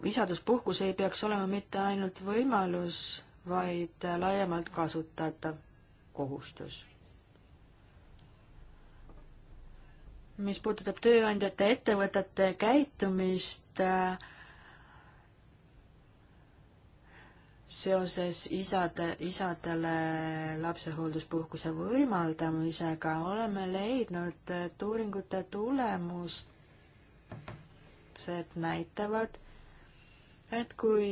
isaduspuhkus ei peaks olema mitte ainult võimalus, vaid laiemalt kasutatav kohustus mis puudutab tööandjate ettevõtete käitumist äh, seoses isade, isadele lapsehoolduspuhkuse võimaldamisega, oleme leidnud, et uuringute tulemused näitavad, et kui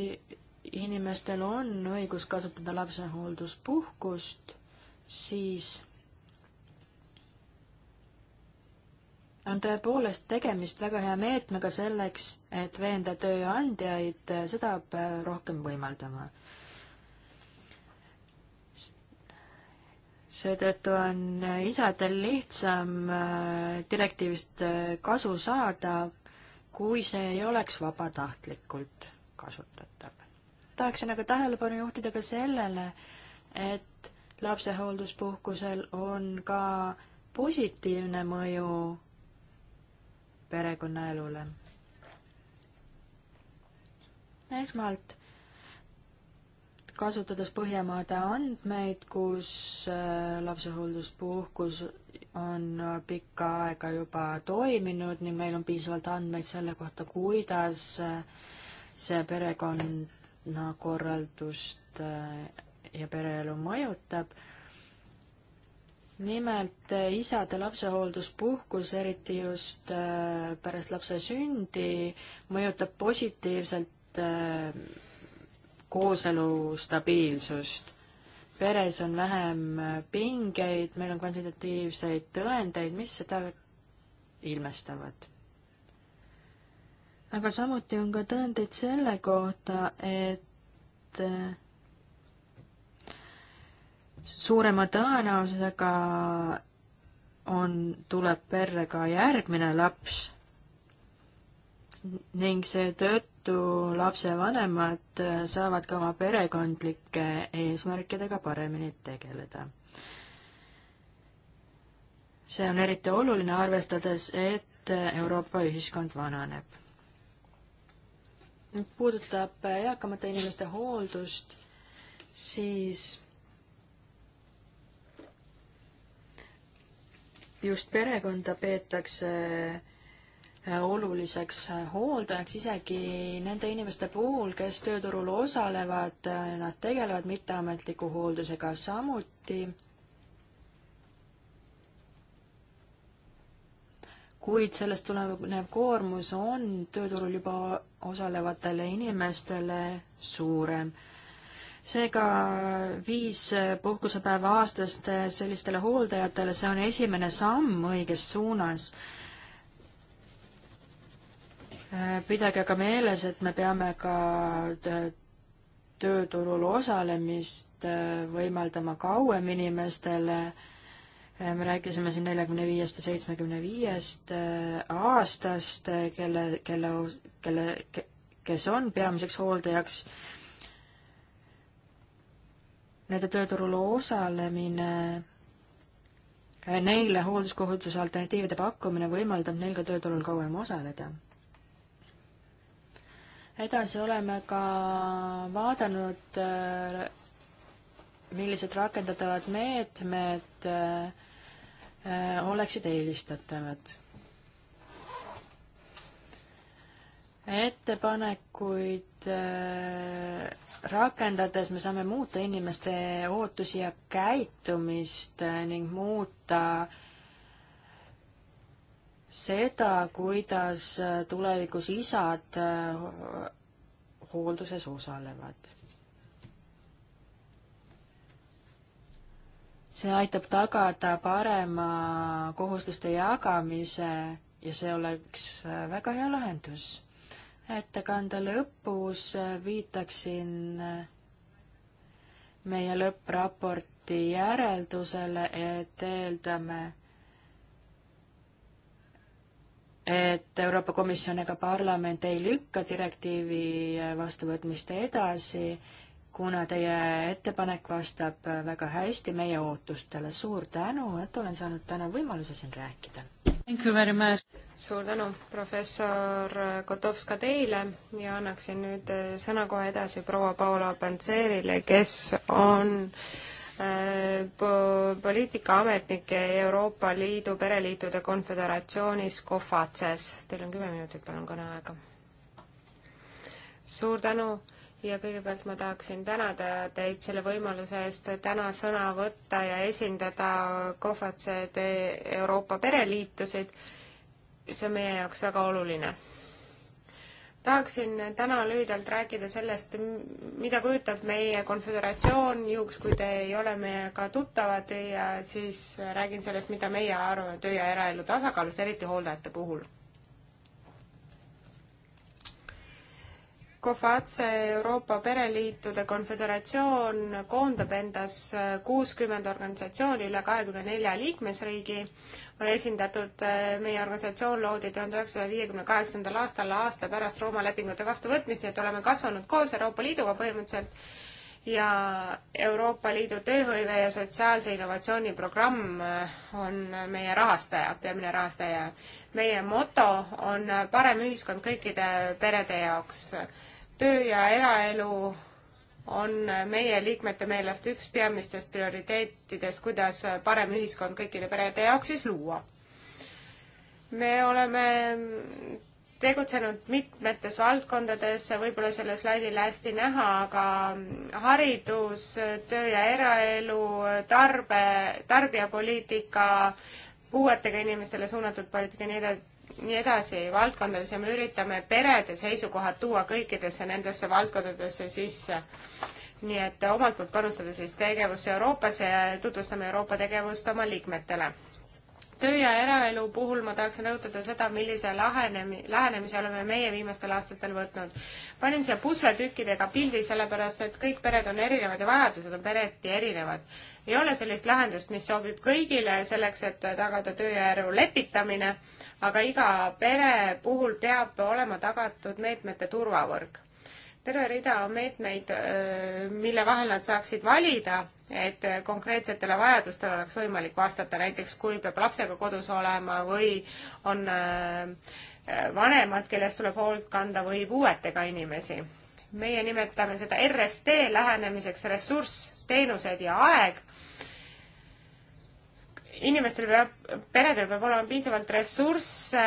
inimestel on õigus kasutada lapsehoolduspuhkust, siis on tõepoolest tegemist väga hea meetmega selleks, et veenda tööandjaid äh, seda äh, rohkem võimaldama. seetõttu on äh, isadel lihtsam direktiivist kasu saada, kui see ei oleks vabatahtlikult kasutatav. tahaksin aga tähelepanu juhtida ka sellele, et lapsehoolduspuhkusel on ka positiivne mõju perekonnaelule. esmalt kasutades Põhjamaade andmeid, kus äh, lapsehoolduspuhkus on pikka aega juba toiminud ning meil on piisavalt andmeid selle kohta, kuidas äh, see perekonnakorraldust äh, ja pereelu mõjutab nimelt eh, isade lapsehoolduspuhkus, eriti just eh, pärast lapse sündi, mõjutab positiivselt eh, kooselu stabiilsust. peres on vähem pingeid, meil on kvantitatiivseid tõendeid, mis seda ilmestavad. aga samuti on ka tõendeid selle kohta, et suurema tõenäosusega on, tuleb perre ka järgmine laps ning seetõttu lapsevanemad saavad ka oma perekondlike eesmärkidega paremini tegeleda. see on eriti oluline, arvestades, et Euroopa ühiskond vananeb. puudutab eakamate inimeste hooldust, siis just perekonda peetakse äh, oluliseks hooldajaks isegi nende inimeste puhul, kes tööturul osalevad, äh, nad tegelevad mitteametliku hooldusega samuti. kuid sellest tulenev koormus on tööturul juba osalevatele inimestele suurem seega viis puhkusepäeva aastast sellistele hooldajatele, see on esimene samm õiges suunas. pidage aga meeles, et me peame ka tööturul osalemist äh, võimaldama kauem inimestele, äh, me rääkisime siin neljakümne viiest ja seitsmekümne viiest äh, aastast, kelle, kelle, kelle, kes on peamiseks hooldajaks nende tööturul osalemine, äh, neile hoolduskohutuse alternatiivide pakkumine võimaldab neil ka tööturul kauem osaleda. edasi oleme ka vaadanud, äh, millised rakendatavad meetmed äh, oleksid eelistatavad ettepanekuid rakendades me saame muuta inimeste ootusi ja käitumist ning muuta seda, kuidas tulevikus isad äh, hoolduses osalevad. see aitab tagada parema kohustuste jagamise ja see oleks väga hea lahendus ettekande lõpus viitaksin meie lõppraporti järeldusele, et eeldame, et Euroopa Komisjon ega parlament ei lükka direktiivi vastuvõtmist edasi kuna teie ettepanek vastab äh, väga hästi meie ootustele. suur tänu, et olen saanud täna võimaluse siin rääkida. suur tänu, professor Kotovska teile ja annaksin nüüd äh, sõna kohe edasi proua Paula Pantseerile, kes on äh, po-, poliitikaametnike Euroopa Liidu Pereliitude Konföderatsioonis Kofatses. Teil on kümme minutit, palun, kõneaega. suur tänu ja kõigepealt ma tahaksin tänada teid selle võimaluse eest täna sõna võtta ja esindada KOFACD Euroopa pereliitusid. see on meie jaoks väga oluline. tahaksin täna lühidalt rääkida sellest, mida kujutab meie konföderatsioon, juhuks kui te ei ole meiega tuttavad ja siis räägin sellest, mida meie arvame töö ja eraelu tasakaalust, eriti hooldajate puhul COFACE Euroopa Pereliitude Konföderatsioon koondab endas kuuskümmend organisatsiooni üle kahekümne nelja liikmesriigi, on esindatud, äh, meie organisatsioon loodi tuhande üheksasaja viiekümne kaheksandal aastal, aasta pärast Rooma lepingute vastuvõtmist, nii et oleme kasvanud koos Euroopa Liiduga põhimõtteliselt ja Euroopa Liidu tööhõive ja sotsiaalse innovatsiooni programm äh, on meie rahastaja, peamine rahastaja. meie moto on äh, parem ühiskond kõikide perede jaoks töö ja eraelu on meie liikmete meelest üks peamistest prioriteetidest, kuidas parem ühiskond kõikide perede jaoks siis luua. me oleme tegutsenud mitmetes valdkondades, võib-olla selle slaidil hästi näha, aga haridus, töö ja eraelu, tarbe, tarbijapoliitika, puuetega inimestele suunatud poliitika ja nii edasi, nii edasi valdkondades ja me üritame perede seisukohad tuua kõikidesse nendesse valdkondadesse sisse. nii et omalt poolt panustada siis tegevusse Euroopasse ja tutvustame Euroopa tegevust oma liikmetele töö ja eraelu puhul ma tahaksin rõhutada seda, millise lahenemi-, lähenemise oleme meie viimastel aastatel võtnud. panin siia pusletükkidega pildi, sellepärast et kõik pered on erinevad ja vajadused on pereti erinevad. ei ole sellist lahendust, mis sobib kõigile selleks, et tagada töö ja eraelu lepitamine aga iga pere puhul peab olema tagatud meetmete turvavõrk. terve rida on meetmeid, mille vahel nad saaksid valida, et konkreetsetele vajadustele oleks võimalik vastata, näiteks kui peab lapsega kodus olema või on vanemad, kellest tuleb hoolt kanda või puuetega inimesi. meie nimetame seda RST lähenemiseks ressurss, teenused ja aeg inimestel peab, peredel peab olema piisavalt ressursse,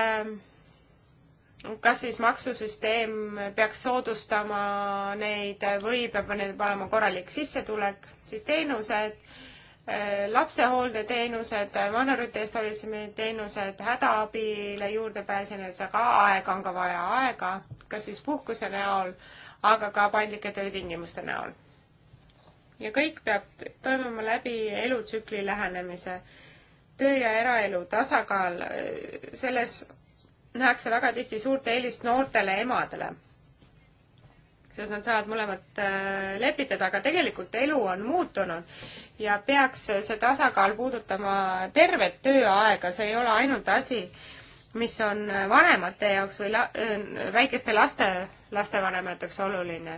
kas siis maksusüsteem peaks soodustama neid või peab neil olema korralik sissetulek, siis teenused, eh, lapsehooldeteenused, vanurite eest hoolitsemine teenused, hädaabile juurdepääs ja nii edasi, aga aega on ka vaja, aega kas siis puhkuse näol, aga ka paindlike töötingimuste näol ja kõik peab toimuma läbi elutsükli lähenemise töö ja eraelu tasakaal, selles nähakse väga tihti suurt eelist noortele emadele. sest nad saavad mõlemat äh, lepitada, aga tegelikult elu on muutunud ja peaks see tasakaal puudutama tervet tööaega, see ei ole ainult asi, mis on vanemate jaoks või la-, äh, väikeste laste, lastevanemateks oluline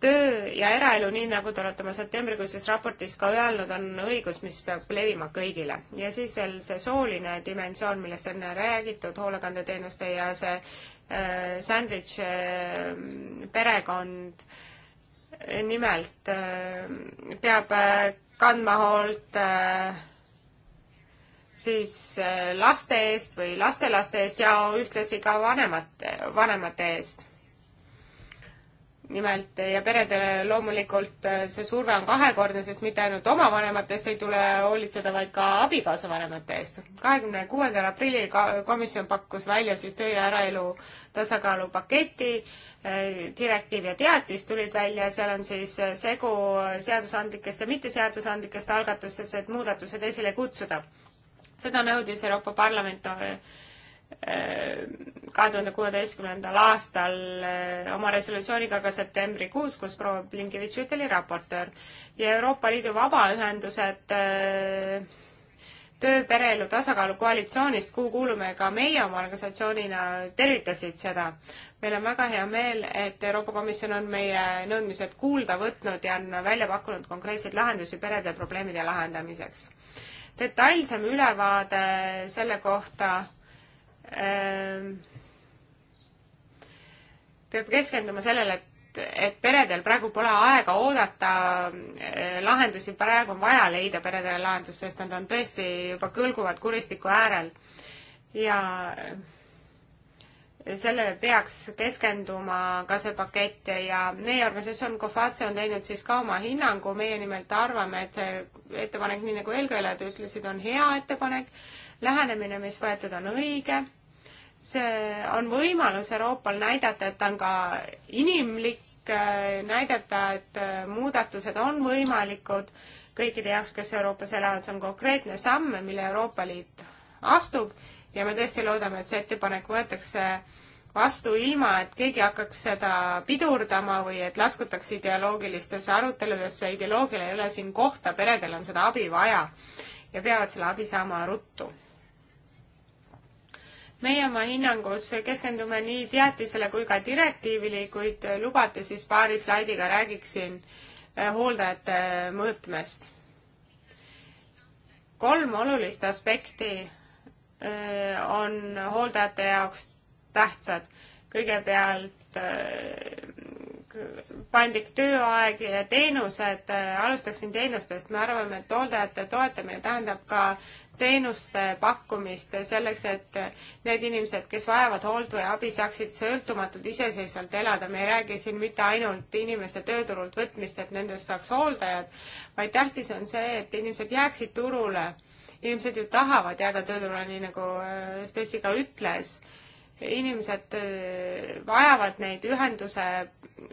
töö ja eraelu, nii nagu te olete oma septembrikuises raportis ka öelnud, on õigus, mis peab levima kõigile. ja siis veel see sooline dimensioon, millest on räägitud, hoolekandeteenuste ja see äh, sandwich äh, perekond äh,, nimelt äh, peab äh, kandma hoolt äh, siis äh, laste eest või lastelaste eest ja ühtlasi ka vanemate, vanemate eest nimelt ja peredele loomulikult äh, see surve on kahekordne, sest mitte ainult oma vanemate eest ei tule hoolitseda, vaid ka abikaasa vanemate eest. kahekümne kuuendal aprillil komisjon pakkus välja siis töö ja äraelu tasakaalu paketi, äh, direktiiv ja teatis tulid välja, seal on siis äh, segu seadusandlikest ja mitteseadusandlikest algatustest, et muudatused esile kutsuda. seda nõudis Euroopa Parlament kahe tuhande kuueteistkümnendal aastal eh, oma resolutsiooniga ka septembrikuus, kus proua Blinkevitš oli raportöör ja Euroopa Liidu vabaühendused eh, töö pereelu tasakaalu koalitsioonist, kuhu kuulume ka meie oma organisatsioonina, tervitasid seda. meil on väga hea meel, et Euroopa Komisjon on meie nõudmised kuulda võtnud ja on välja pakkunud konkreetseid lahendusi perede probleemide lahendamiseks. detailsem ülevaade selle kohta Ehm, peab keskenduma sellele, et, et peredel praegu pole aega oodata eh, lahendusi, praegu on vaja leida peredele lahendus, sest nad on tõesti juba kõlguvad kuristiku äärel. ja eh, sellele peaks keskenduma ka see pakett ja meie organisatsioon Cofatse on teinud siis ka oma hinnangu, meie nimelt arvame, et see ettepanek, nii nagu eelkõnelejad ütlesid, on hea ettepanek lähenemine, mis võetud, on õige. see on võimalus Euroopal näidata, et ta on ka inimlik, äh, näidata, et äh, muudatused on võimalikud kõikide jaoks, kes Euroopas elavad, see on konkreetne samm, mille Euroopa Liit astub ja me tõesti loodame, et see ettepanek võetakse vastu ilma, et keegi hakkaks seda pidurdama või et laskutakse ideoloogilistesse aruteludesse, ideoloogial ei ole siin kohta, peredel on seda abi vaja ja peavad selle abi saama ruttu meie oma hinnangus keskendume nii teatisele kui ka direktiivile, kuid lubate, siis paari slaidiga räägiksin eh, hooldajate mõõtmest. kolm olulist aspekti eh, on hooldajate jaoks tähtsad. kõigepealt eh, paindlik tööaeg ja teenused, alustaksin teenustest, me arvame, et hooldajate toetamine tähendab ka teenuste pakkumist selleks, et need inimesed, kes vajavad hooldu ja abi, saaksid sõltumatult iseseisvalt elada. me ei räägi siin mitte ainult inimese tööturult võtmist, et nendest saaks hooldajad, vaid tähtis on see, et inimesed jääksid turule. inimesed ju tahavad jääda tööturule, nii nagu äh, Stessi ka ütles inimesed äh, vajavad neid ühenduse,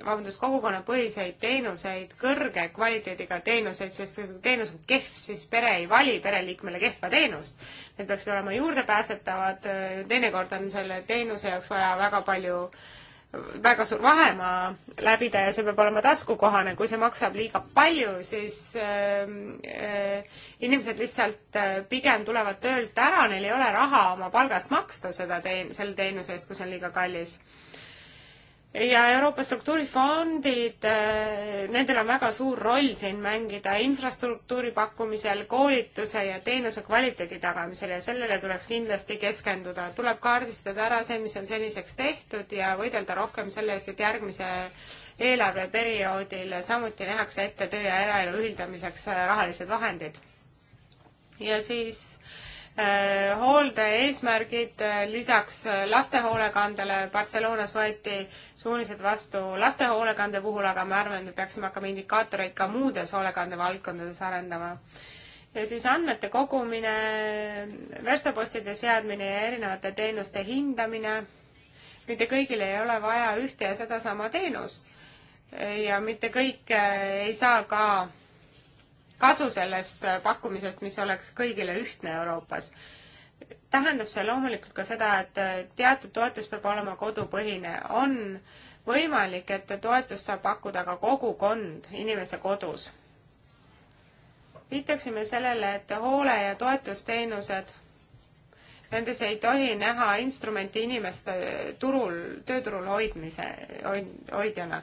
vabandust, kogukonnapõhiseid teenuseid, kõrge kvaliteediga teenuseid, sest kui teenus on kehv, siis pere ei vali pereliikmele kehva teenust. Need peaksid olema juurdepääsetavad, äh, teinekord on selle teenuse jaoks vaja väga palju äh, väga suur vahemaa läbida ja see peab olema taskukohane, kui see maksab liiga palju, siis ähm, äh, inimesed lihtsalt äh, pigem tulevad töölt ära, neil ei ole raha oma palgast maksta seda teen-, selle teenuse eest, kui see on liiga kallis äh, ja Euroopa struktuurifondid, äh, nendel on väga suur roll siin mängida infrastruktuuri pakkumisel, koolituse ja teenuse kvaliteedi tagamisel ja sellele tuleks kindlasti keskenduda. tuleb kaardistada ära see, mis on seniseks tehtud ja võidelda rohkem selle eest, et järgmise eelarveperioodil samuti nähakse ette töö ja eraelu ühildamiseks äh, rahalised vahendid. ja siis äh, Äh, hoolde eesmärgid, äh, lisaks äh, lastehoolekandele, Barcelonas võeti suunised vastu lastehoolekande puhul, aga ma arvan, et me peaksime hakkama indikaatoreid ka muudes hoolekandevaldkondades arendama. ja siis andmete kogumine, verstapostide seadmine ja erinevate teenuste hindamine, mitte kõigil ei ole vaja ühte ja sedasama teenust ja mitte kõik ei saa ka kasu sellest äh, pakkumisest, mis oleks kõigile ühtne Euroopas. tähendab see loomulikult ka seda, et äh, teatud toetus peab olema kodupõhine, on võimalik, et toetust saab pakkuda ka kogukond inimese kodus. viitaksime sellele, et hoole- ja toetusteenused, nendes ei tohi näha instrumenti inimeste turul, tööturul hoidmise hoid,, hoidjana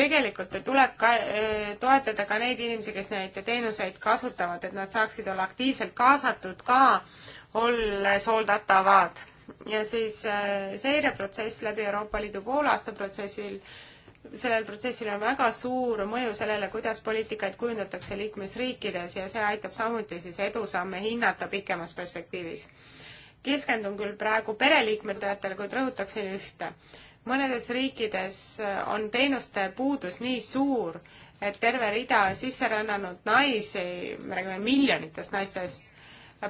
tegelikult tuleb ka äh, toetada ka neid inimesi, kes neid teenuseid kasutavad, et nad saaksid olla aktiivselt kaasatud ka olles hooldatavad. ja siis äh, seireprotsess läbi Euroopa Liidu poolaasta protsessil, sellel protsessil on väga suur mõju sellele, kuidas poliitikaid kujundatakse liikmesriikides ja see aitab samuti siis edusamme hinnata pikemas perspektiivis. keskendun küll praegu pereliikmetajatele, kuid rõhutaksin ühte mõnedes riikides äh, on teenuste puudus nii suur, et terve rida sisserännanud naisi, me räägime miljonitest naistest,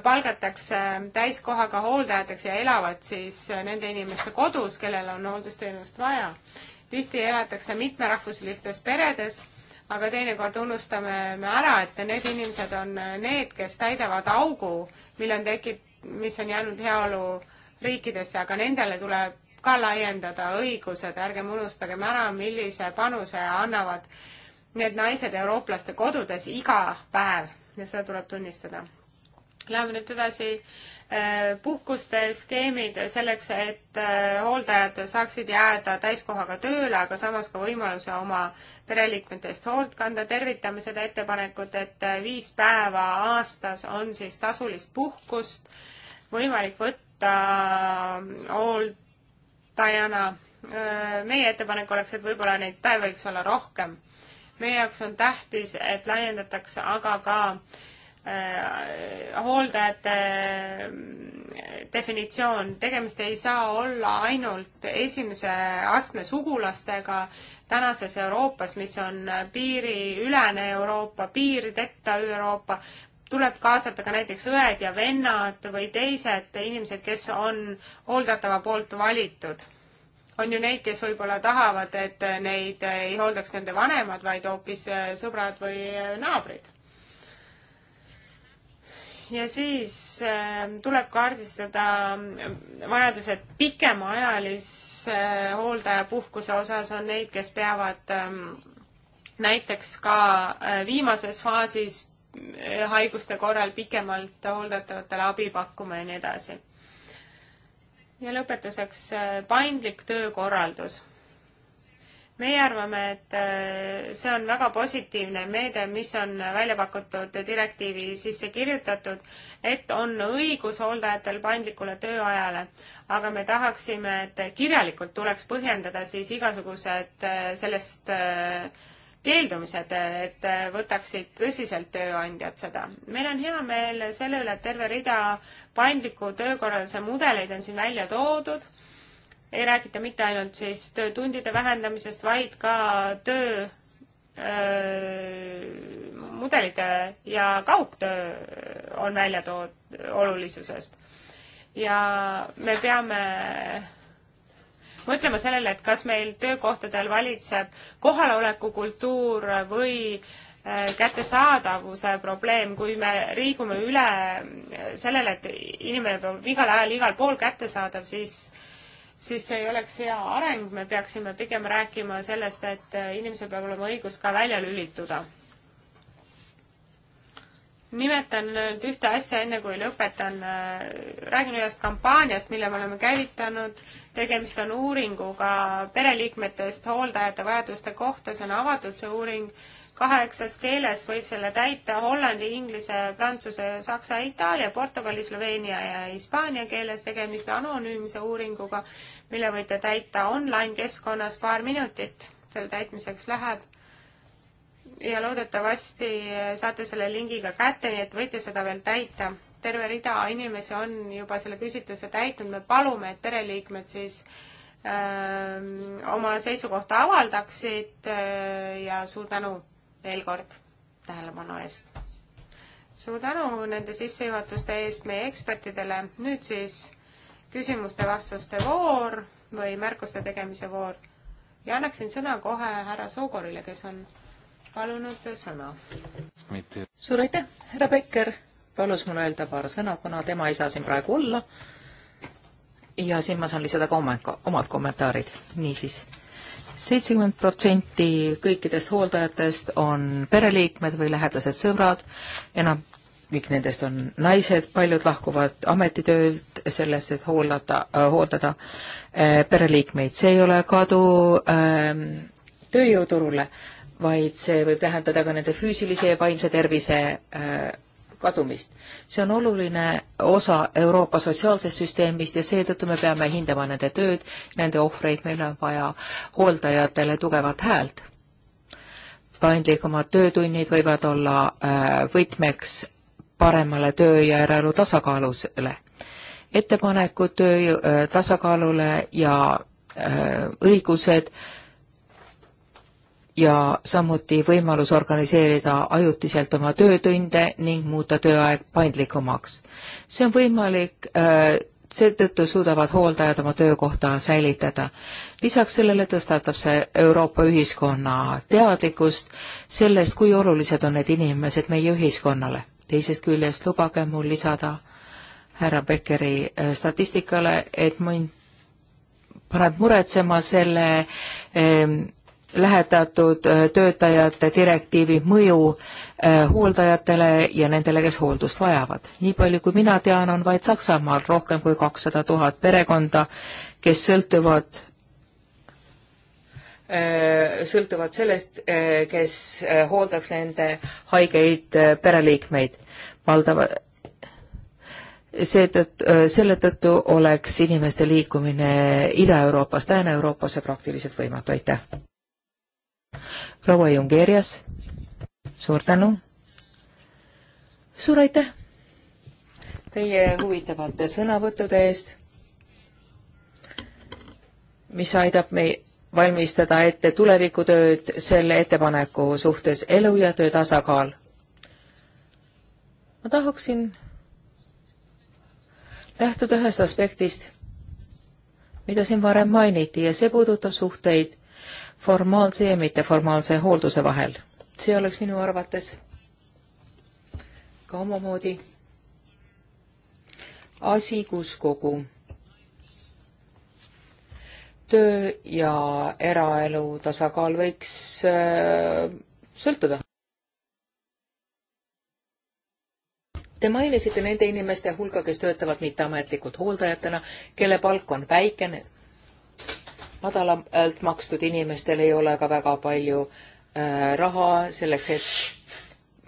palgatakse täiskohaga hooldajateks ja elavad siis äh, nende inimeste kodus, kellel on hooldusteenust vaja. tihti elatakse mitmerahvuslistes peredes, aga teinekord unustame me ära, et need inimesed on äh, need, kes täidavad augu, mille on tekit-, mis on jäänud heaolu riikidesse, aga nendele tuleb ka laiendada õigused, ärgem unustagem ära, millise panuse annavad need naised eurooplaste kodudes iga päev ja seda tuleb tunnistada. Läheme nüüd edasi äh, puhkuste skeemid selleks, et äh, hooldajad saaksid jääda täiskohaga tööle, aga samas ka võimaluse oma pereliikmete eest hoolt kanda. tervitame seda ettepanekut, et äh, viis päeva aastas on siis tasulist puhkust võimalik võtta hoolt Diana, meie ettepanek oleks, et võib-olla neid päevi võiks olla rohkem. meie jaoks on tähtis, et laiendatakse aga ka äh, hooldajate äh, definitsioon, tegemist ei saa olla ainult esimese astme sugulastega tänases Euroopas, mis on piiriülene Euroopa, piirideta Euroopa, tuleb kaasata ka näiteks õed ja vennad või teised inimesed, kes on hooldatava poolt valitud. on ju neid, kes võib-olla tahavad, et neid ei hooldaks nende vanemad, vaid hoopis äh, sõbrad või äh, naabrid. ja siis äh, tuleb kaardistada ähm, vajadused pikemaajalise hooldajapuhkuse osas on neid, kes peavad ähm, näiteks ka viimases faasis haiguste korral pikemalt hooldatavatele abi pakkuma ja nii edasi. ja lõpetuseks äh, paindlik töökorraldus. meie arvame, et äh, see on väga positiivne meede, mis on välja pakutud direktiivi sisse kirjutatud, et on õigus hooldajatel paindlikule tööajale, aga me tahaksime, et kirjalikult tuleks põhjendada siis igasugused äh, sellest äh, keeldumised, et võtaksid tõsiselt tööandjad seda. meil on hea meel selle üle, et terve rida paindliku töökorralduse mudeleid on siin välja toodud. ei räägita mitte ainult siis töötundide vähendamisest, vaid ka töö öö, mudelite ja kaugtöö on välja tood-, olulisusest. ja me peame mõtlema sellele, et kas meil töökohtadel valitseb kohaloleku kultuur või äh, kättesaadavuse probleem, kui me liigume üle äh, sellele, et inimene peab igal ajal igal pool kättesaadav, siis siis see ei oleks hea areng, me peaksime pigem rääkima sellest, et äh, inimesel peab olema õigus ka välja lülituda nimetan nüüd ühte asja, enne kui lõpetan, räägin ühest kampaaniast, mille me oleme käivitanud. tegemist on uuringuga pereliikmetest hooldajate vajaduste kohta, see on avatud, see uuring. kaheksas keeles võib selle täita hollandi, inglise, prantsuse, saksa, itaalia, portugali, sloveenia ja hispaania keeles. tegemist on anonüümse uuringuga, mille võite täita online keskkonnas paar minutit. selle täitmiseks läheb ja loodetavasti saate selle lingiga kätte, nii et võite seda veel täita. terve rida inimesi on juba selle küsitluse täitnud, me palume, et pereliikmed siis öö, ähm, oma seisukohta avaldaksid öö, äh, ja suur tänu veel kord tähelepanu eest. suur tänu nende sissejuhatuste eest meie ekspertidele, nüüd siis küsimuste-vastuste voor või märkuste tegemise voor ja annaksin sõna kohe härra Soogorile, kes on palunud sõna. suur aitäh, härra Becker palus mul öelda paar sõna, kuna tema ei saa siin praegu olla. ja siin ma saan lisada ka oma, omad kommentaarid, niisiis. seitsekümmend protsenti kõikidest hooldajatest on pereliikmed või lähedased sõbrad, enam kõik nendest on naised, paljud lahkuvad ametitöölt selleks, et hooldada, hooldada eh, pereliikmeid, see ei ole kadu äh, tööjõuturule vaid see võib tähendada ka nende füüsilise ja vaimse tervise äh, kadumist. see on oluline osa Euroopa sotsiaalsest süsteemist ja seetõttu me peame hindama nende tööd, nende ohvreid, meil on vaja hooldajatele tugevat häält. paindlikumad töötunnid võivad olla äh, võtmeks paremale töö ja eraelu tasakaalusele. ettepanekud töö äh, tasakaalule ja õigused äh, ja samuti võimalus organiseerida ajutiselt oma töötunde ning muuta tööaeg paindlikumaks. see on võimalik äh, seetõttu suudavad hooldajad oma töökohta säilitada. lisaks sellele tõstatab see Euroopa ühiskonna teadlikkust sellest, kui olulised on need inimesed meie ühiskonnale. teisest küljest lubage mul lisada härra Beckeri äh, statistikale, et mind paneb muretsema selle ähm, lähetatud äh, töötajate direktiivi mõju äh, hooldajatele ja nendele, kes hooldust vajavad. nii palju, kui mina tean, on vaid Saksamaal rohkem kui kakssada tuhat perekonda, kes sõltuvad äh, sõltuvad sellest, kes hooldaks nende haigeid pereliikmeid. valdava, seetõttu, selle tõttu oleks inimeste liikumine Ida-Euroopast Lääne-Euroopasse praktiliselt võimatu, aitäh! proua Jungeerias, suur tänu. suur aitäh teie huvitavate sõnavõttude eest, mis aitab meil valmistada ette tulevikutööd selle ettepaneku suhtes elu ja töö tasakaal. ma tahaksin lähtuda ühest aspektist, mida siin varem mainiti ja see puudutab suhteid formaalse ja mitteformaalse hoolduse vahel. see oleks minu arvates ka omamoodi asi, kus kogu töö ja eraelu tasakaal võiks äh, sõltuda. Te mainisite nende inimeste hulka, kes töötavad mitteametlikult hooldajatena, kelle palk on väikene, madalamalt makstud inimestel ei ole ka väga palju äh, raha selleks, et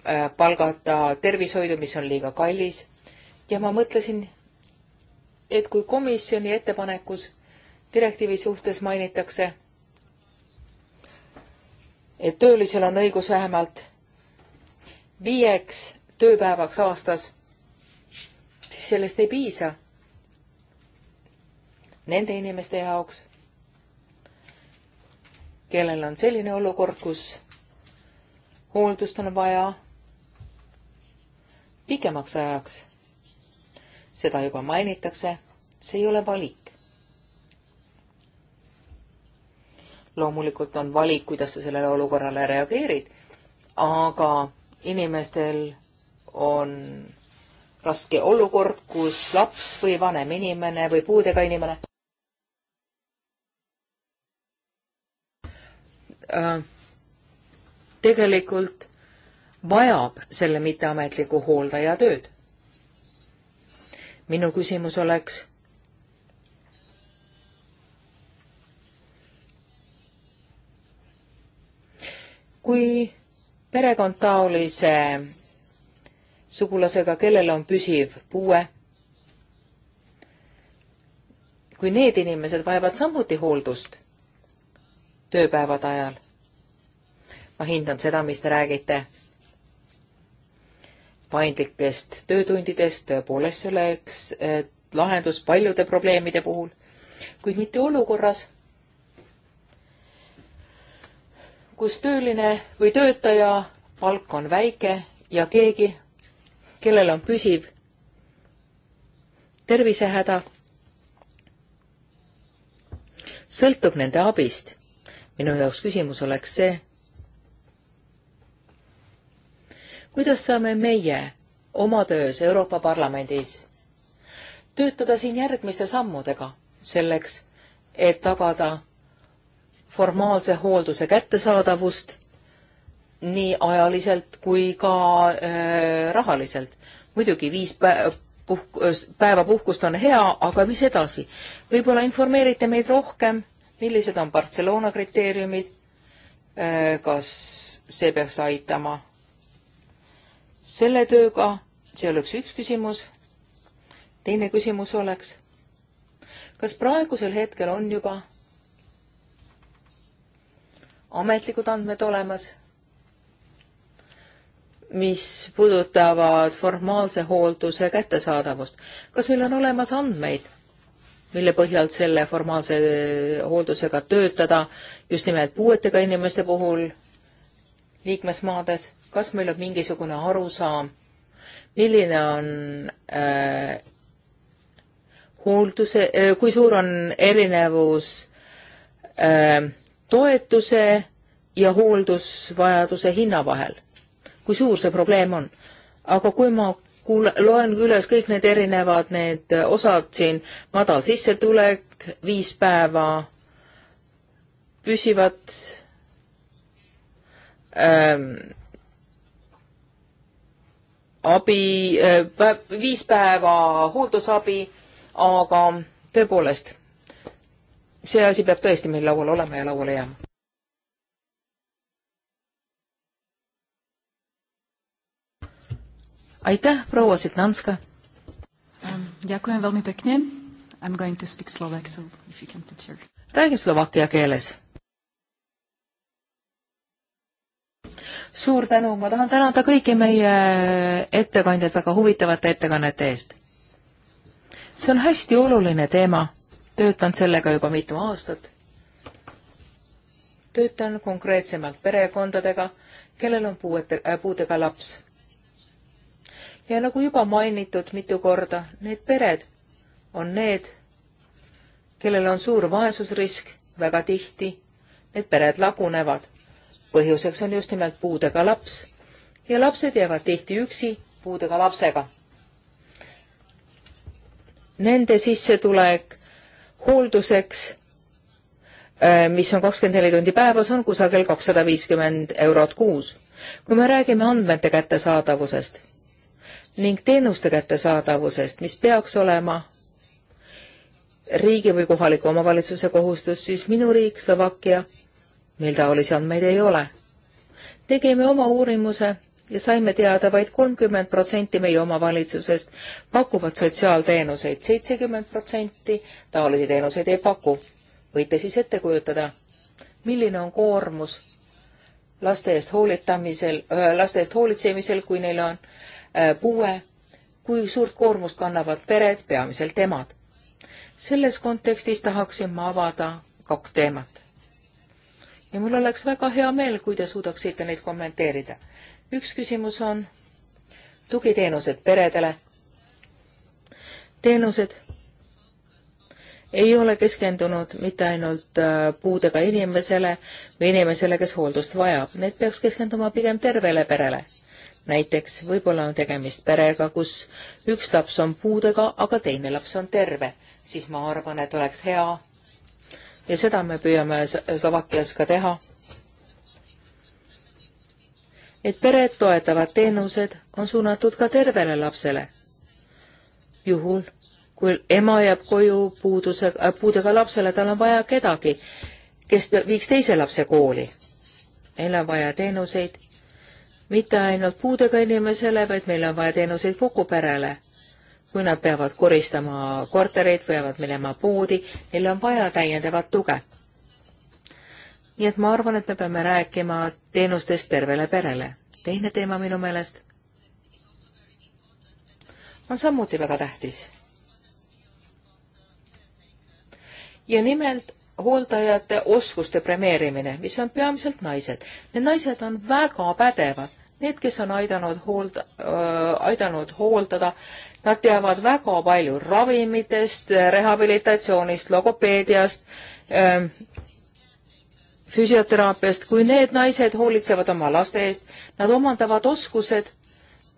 äh, palgata tervishoidu, mis on liiga kallis. ja ma mõtlesin, et kui komisjoni ettepanekus direktiivi suhtes mainitakse, et töölisel on õigus vähemalt viieks tööpäevaks aastas, siis sellest ei piisa nende inimeste jaoks kellel on selline olukord, kus hooldust on vaja pikemaks ajaks. seda juba mainitakse, see ei ole valik. loomulikult on valik, kuidas sa sellele olukorrale reageerid, aga inimestel on raske olukord, kus laps või vanem inimene või puudega inimene Äh, tegelikult vajab selle mitteametliku hooldaja tööd. minu küsimus oleks, kui perekond taolise sugulasega, kellel on püsiv puue, kui need inimesed vajavad samuti hooldust tööpäevade ajal, ma hindan seda, mis te räägite paindlikest töötundidest, tõepoolest see oleks lahendus paljude probleemide puhul, kuid mitte olukorras, kus tööline või töötaja palk on väike ja keegi, kellel on püsiv tervisehäda, sõltub nende abist. minu jaoks küsimus oleks see, kuidas saame meie oma töös Euroopa Parlamendis töötada siin järgmiste sammudega selleks, et tagada formaalse hoolduse kättesaadavust nii ajaliselt kui ka äh, rahaliselt. muidugi viis pä puhk päeva puhkust on hea, aga mis edasi? võib-olla informeerite meid rohkem, millised on Barcelona kriteeriumid äh,, kas see peaks aitama selle tööga, see oleks üks küsimus. teine küsimus oleks, kas praegusel hetkel on juba ametlikud andmed olemas, mis puudutavad formaalse hoolduse kättesaadavust. kas meil on olemas andmeid, mille põhjal selle formaalse hooldusega töötada just nimelt puuetega inimeste puhul liikmesmaades? kas meil on mingisugune arusaam, milline on äh, hoolduse äh,, kui suur on erinevus äh, toetuse ja hooldusvajaduse hinna vahel, kui suur see probleem on. aga kui ma kuule, loen üles kõik need erinevad need äh, osad siin, madal sissetulek, viis päeva püsivat ähm, abi, eh, viis päeva hooldusabi, aga tõepoolest, see asi peab tõesti meil laual olema ja lauale jääma. Aitäh, proua Sitnanska. Ďakujem veľmi pekne. I'm going to speak Slovak, so if you can put your... Räägin slovakkia keeles suur tänu, ma tahan tänada kõiki meie ettekandjaid väga huvitavate ettekannete eest. see on hästi oluline teema, töötan sellega juba mitu aastat. töötan konkreetsemalt perekondadega, kellel on puuete äh,, puudega laps. ja nagu juba mainitud mitu korda, need pered on need, kellel on suur vaesusrisk väga tihti, need pered lagunevad põhjuseks on just nimelt puudega laps ja lapsed jäävad tihti üksi puudega lapsega. Nende sissetulek hoolduseks, äh, mis on kakskümmend neli tundi päevas, on kusagil kakssada viiskümmend eurot kuus. kui me räägime andmete kättesaadavusest ning teenuste kättesaadavusest, mis peaks olema riigi või kohaliku omavalitsuse kohustus, siis minu riik Slovakkia meil taolisi andmeid ei ole. tegime oma uurimuse ja saime teada vaid kolmkümmend protsenti meie omavalitsusest pakuvad sotsiaalteenuseid, seitsekümmend protsenti taolisi teenuseid ei paku. võite siis ette kujutada, milline on koormus laste eest hoolitamisel, äh, laste eest hoolitsemisel, kui neil on äh, puue, kui suurt koormust kannavad pered, peamiselt emad. selles kontekstis tahaksin ma avada kaks teemat ja mul oleks väga hea meel, kui te suudaksite neid kommenteerida. üks küsimus on tugiteenused peredele. teenused ei ole keskendunud mitte ainult äh, puudega inimesele või inimesele, kes hooldust vajab, need peaks keskenduma pigem tervele perele. näiteks võib-olla on tegemist perega, kus üks laps on puudega, aga teine laps on terve, siis ma arvan, et oleks hea ja seda me püüame Slovakkias ka teha. et pered toetavad teenused on suunatud ka tervele lapsele. juhul, kui ema jääb koju puuduse, äh, puudega lapsele, tal on vaja kedagi, kes viiks teise lapse kooli. meil on vaja teenuseid mitte ainult puudega inimesele, vaid meil on vaja teenuseid kogu perele kui nad peavad koristama kortereid, peavad minema poodi, neil on vaja täiendavat tuge. nii et ma arvan, et me peame rääkima teenustest tervele perele. teine teema minu meelest on samuti väga tähtis. ja nimelt hooldajate oskuste premeerimine, mis on peamiselt naised. Need naised on väga pädevad, need, kes on aidanud hoolda äh,, aidanud hooldada Nad teavad väga palju ravimitest, rehabilitatsioonist, logopeediast, ähm, füsioteraapiast, kui need naised hoolitsevad oma laste eest, nad omandavad oskused,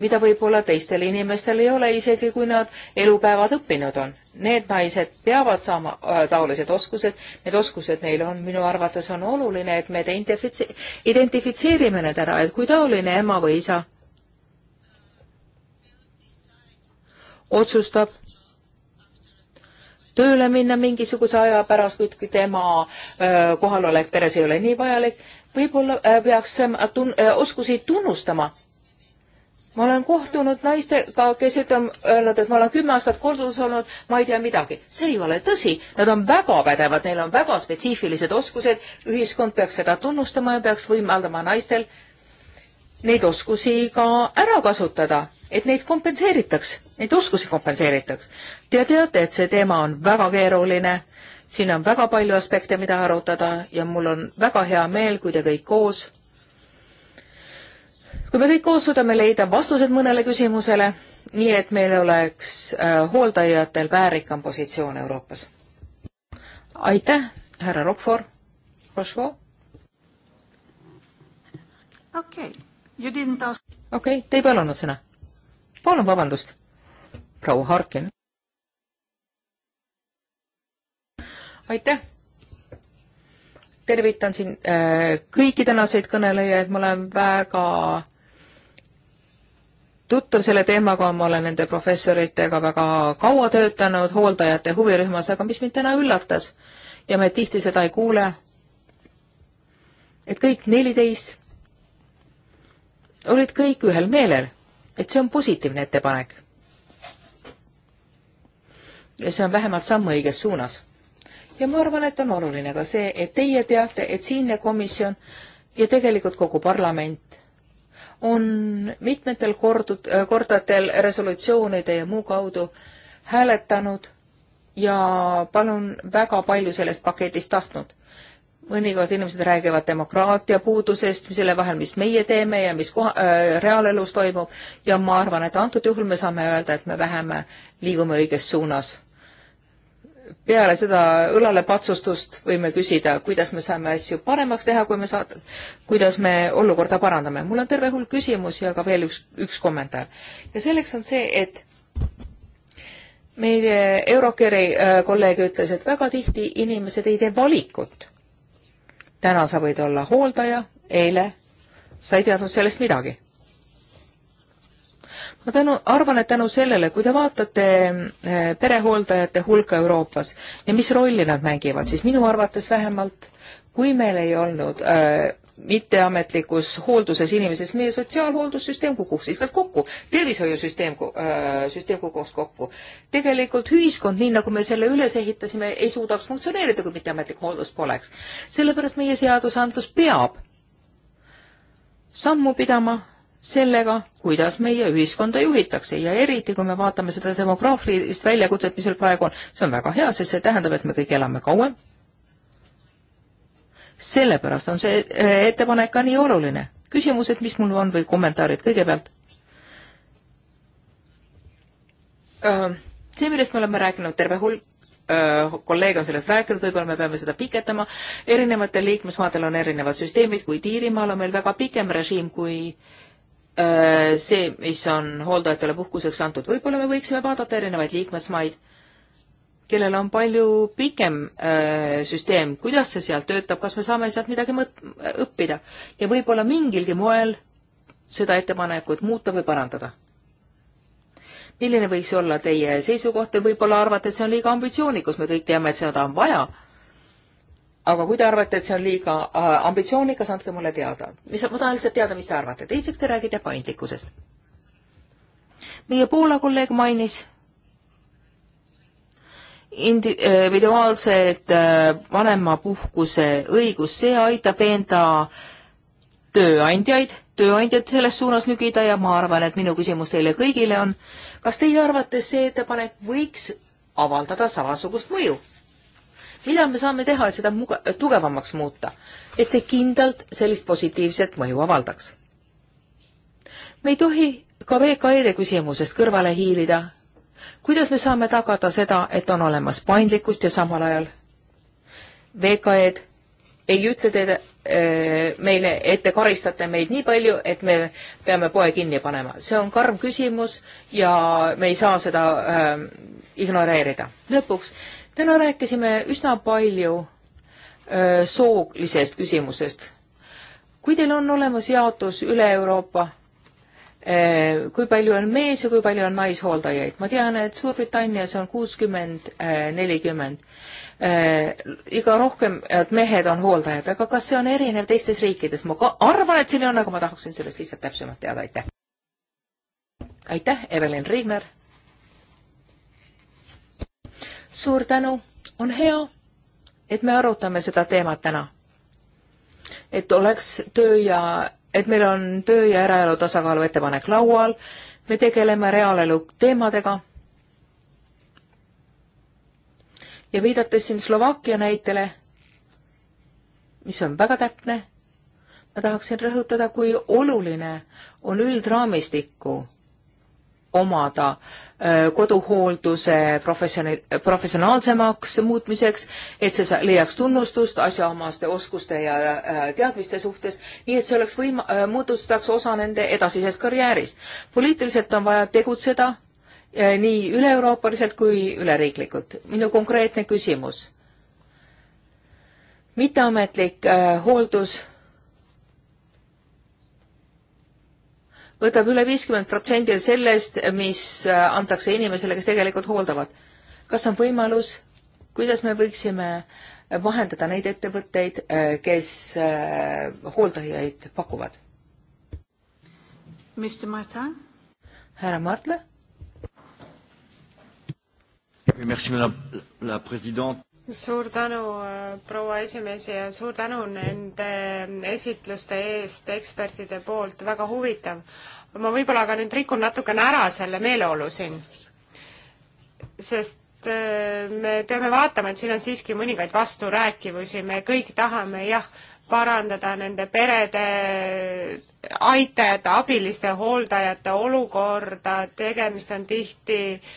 mida võib-olla teistel inimestel ei ole, isegi kui nad elupäevad õppinud on. Need naised peavad saama äh, taolised oskused, need oskused neil on, minu arvates on oluline, et me identifitsi-, identifitseerime need ära, et kui taoline ema või isa otsustab tööle minna mingisuguse aja pärast, kuid tema kohalolek peres ei ole nii vajalik, võib-olla peaks tun-, oskusi tunnustama. ma olen kohtunud naistega, kes ütlevad, öelnud, et ma olen kümme aastat kodus olnud, ma ei tea midagi. see ei ole tõsi, nad on väga pädevad, neil on väga spetsiifilised oskused, ühiskond peaks seda tunnustama ja peaks võimaldama naistel neid oskusi ka ära kasutada et neid kompenseeritaks, neid oskusi kompenseeritaks. Te teate, et see teema on väga keeruline, siin on väga palju aspekte, mida arutada ja mul on väga hea meel, kui te kõik koos, kui me kõik koos suudame leida vastused mõnele küsimusele, nii et meil oleks äh, hooldajatel väärikam positsioon Euroopas. aitäh, härra Rockford, Rochefort. okei okay., you didn't ask okei okay,, te ei palunud sõna? palun vabandust, proua Harkin. aitäh tervitan siin äh, kõiki tänaseid kõnelejaid, ma olen väga tuttav selle teemaga, ma olen nende professoritega väga kaua töötanud hooldajate huvirühmas, aga mis mind täna üllatas ja me tihti seda ei kuule, et kõik neliteist olid kõik ühel meelel et see on positiivne ettepanek. ja see on vähemalt samm õiges suunas. ja ma arvan, et on oluline ka see, et teie teate, et siinne komisjon ja tegelikult kogu parlament on mitmetel kordud, äh, kordadel resolutsioonide ja muu kaudu hääletanud ja palun väga palju sellest paketist tahtnud mõnikord inimesed räägivad demokraatia puudusest, selle vahel, mis meie teeme ja mis koha, äh, reaalelus toimub ja ma arvan, et antud juhul me saame öelda, et me vähem liigume õiges suunas. peale seda õlalepatsustust võime küsida, kuidas me saame asju paremaks teha, kui me saad-, kuidas me olukorda parandame. mul on terve hulk küsimusi, aga veel üks, üks kommentaar. ja selleks on see, et meie Eurokeri äh, kolleeg ütles, et väga tihti inimesed ei tee valikut täna sa võid olla hooldaja, eile sa ei teadnud sellest midagi. ma tänu, arvan, et tänu sellele, kui te vaatate eh, perehooldajate hulka Euroopas ja mis rolli nad mängivad, siis minu arvates vähemalt kui meil ei olnud öö, eh, mitteametlikus hoolduses inimesest, meie sotsiaalhooldussüsteem kukuks lihtsalt kokku, tervishoiusüsteem äh,, süsteem kukuks kokku. tegelikult ühiskond, nii nagu me selle üles ehitasime, ei suudaks funktsioneerida, kui mitteametlik hooldus poleks. sellepärast meie seadusandlus peab sammu pidama sellega, kuidas meie ühiskonda juhitakse ja eriti, kui me vaatame seda demograafilist väljakutset, mis meil praegu on, see on väga hea, sest see tähendab, et me kõik elame kauem sellepärast on see äh, ettepanek ka nii oluline. küsimused, mis mul on või kommentaarid kõigepealt? Äh, see, millest me oleme rääkinud, terve hulk äh, kolleeg on sellest rääkinud, võib-olla me peame seda piketama, erinevatel liikmesmaadel on erinevad süsteemid, kuid Iirimaal on meil väga pikem režiim kui see, mis on hooldajatele puhkuseks antud. võib-olla me võiksime vaadata erinevaid liikmesmaid kellel on palju pikem öö, äh, süsteem, kuidas see seal töötab, kas me saame sealt midagi mõt-, õppida ja võib-olla mingilgi moel seda ettepanekut muuta või parandada. milline võiks olla teie seisukoht, te võib-olla arvate, et see on liiga ambitsioonikas, me kõik teame, et seda on vaja, aga kui te arvate, et see on liiga äh, ambitsioonikas, andke mulle teada. mis, ma tahan lihtsalt teada, mis te arvate. teiseks, te räägite paindlikkusest. meie Poola kolleeg mainis individuaalsed äh, äh, vanemapuhkuse õigus, see aitab enda tööandjaid, tööandjad selles suunas nügida ja ma arvan, et minu küsimus teile kõigile on, kas teie arvates see ettepanek võiks avaldada samasugust mõju? mida me saame teha, et seda muga-, tugevamaks muuta, et see kindlalt sellist positiivset mõju avaldaks? me ei tohi ka VKE-de küsimusest kõrvale hiilida kuidas me saame tagada seda, et on olemas paindlikkust ja samal ajal VKE-d ei ütle teile äh, meile, et te karistate meid nii palju, et me peame poe kinni panema. see on karm küsimus ja me ei saa seda äh, ignoreerida. lõpuks, täna rääkisime üsna palju äh, soolisest küsimusest. kui teil on olemas jaotus üle Euroopa Eh, kui palju on mees ja kui palju on naishooldajaid. ma tean, et Suurbritannias on kuuskümmend, eh, nelikümmend. Eh, iga rohkem, et mehed on hooldajad, aga kas see on erinev teistes riikides? ma ka arvan, et siin on, aga ma tahaksin sellest lihtsalt täpsemalt teada, aitäh. aitäh, Evelyn Riigner. suur tänu, on hea, et me arutame seda teemat täna et oleks töö ja et meil on töö ja eraelu tasakaalu ettepanek laual, me tegeleme reaalaelu teemadega ja viidates siin Slovakkia näitele, mis on väga täpne, ma tahaksin rõhutada, kui oluline on üldraamistiku omada äh, koduhoolduse professioni-, professionaalsemaks muutmiseks, et see leiaks tunnustust asjaomaste oskuste ja äh, teadmiste suhtes, nii et see oleks võim-, äh, muutustaks osa nende edasisest karjäärist. poliitiliselt on vaja tegutseda nii üle-euroopaliselt kui üleriiklikult. minu konkreetne küsimus. mitteametlik äh, hooldus võtab üle viiskümmend protsenti sellest, mis äh, antakse inimesele, kes tegelikult hooldavad. kas on võimalus, kuidas me võiksime vahendada neid ettevõtteid, äh, kes äh, hooldajaid pakuvad? härra Martle suur tänu, äh, proua esimees ja suur tänu nende esitluste eest ekspertide poolt, väga huvitav. ma võib-olla aga nüüd rikun natukene ära selle meeleolu siin, sest äh, me peame vaatama, et siin on siiski mõningaid vasturääkivusi, me kõik tahame jah, parandada nende perede aitajate, abiliste, hooldajate olukorda, tegemist on tihti äh,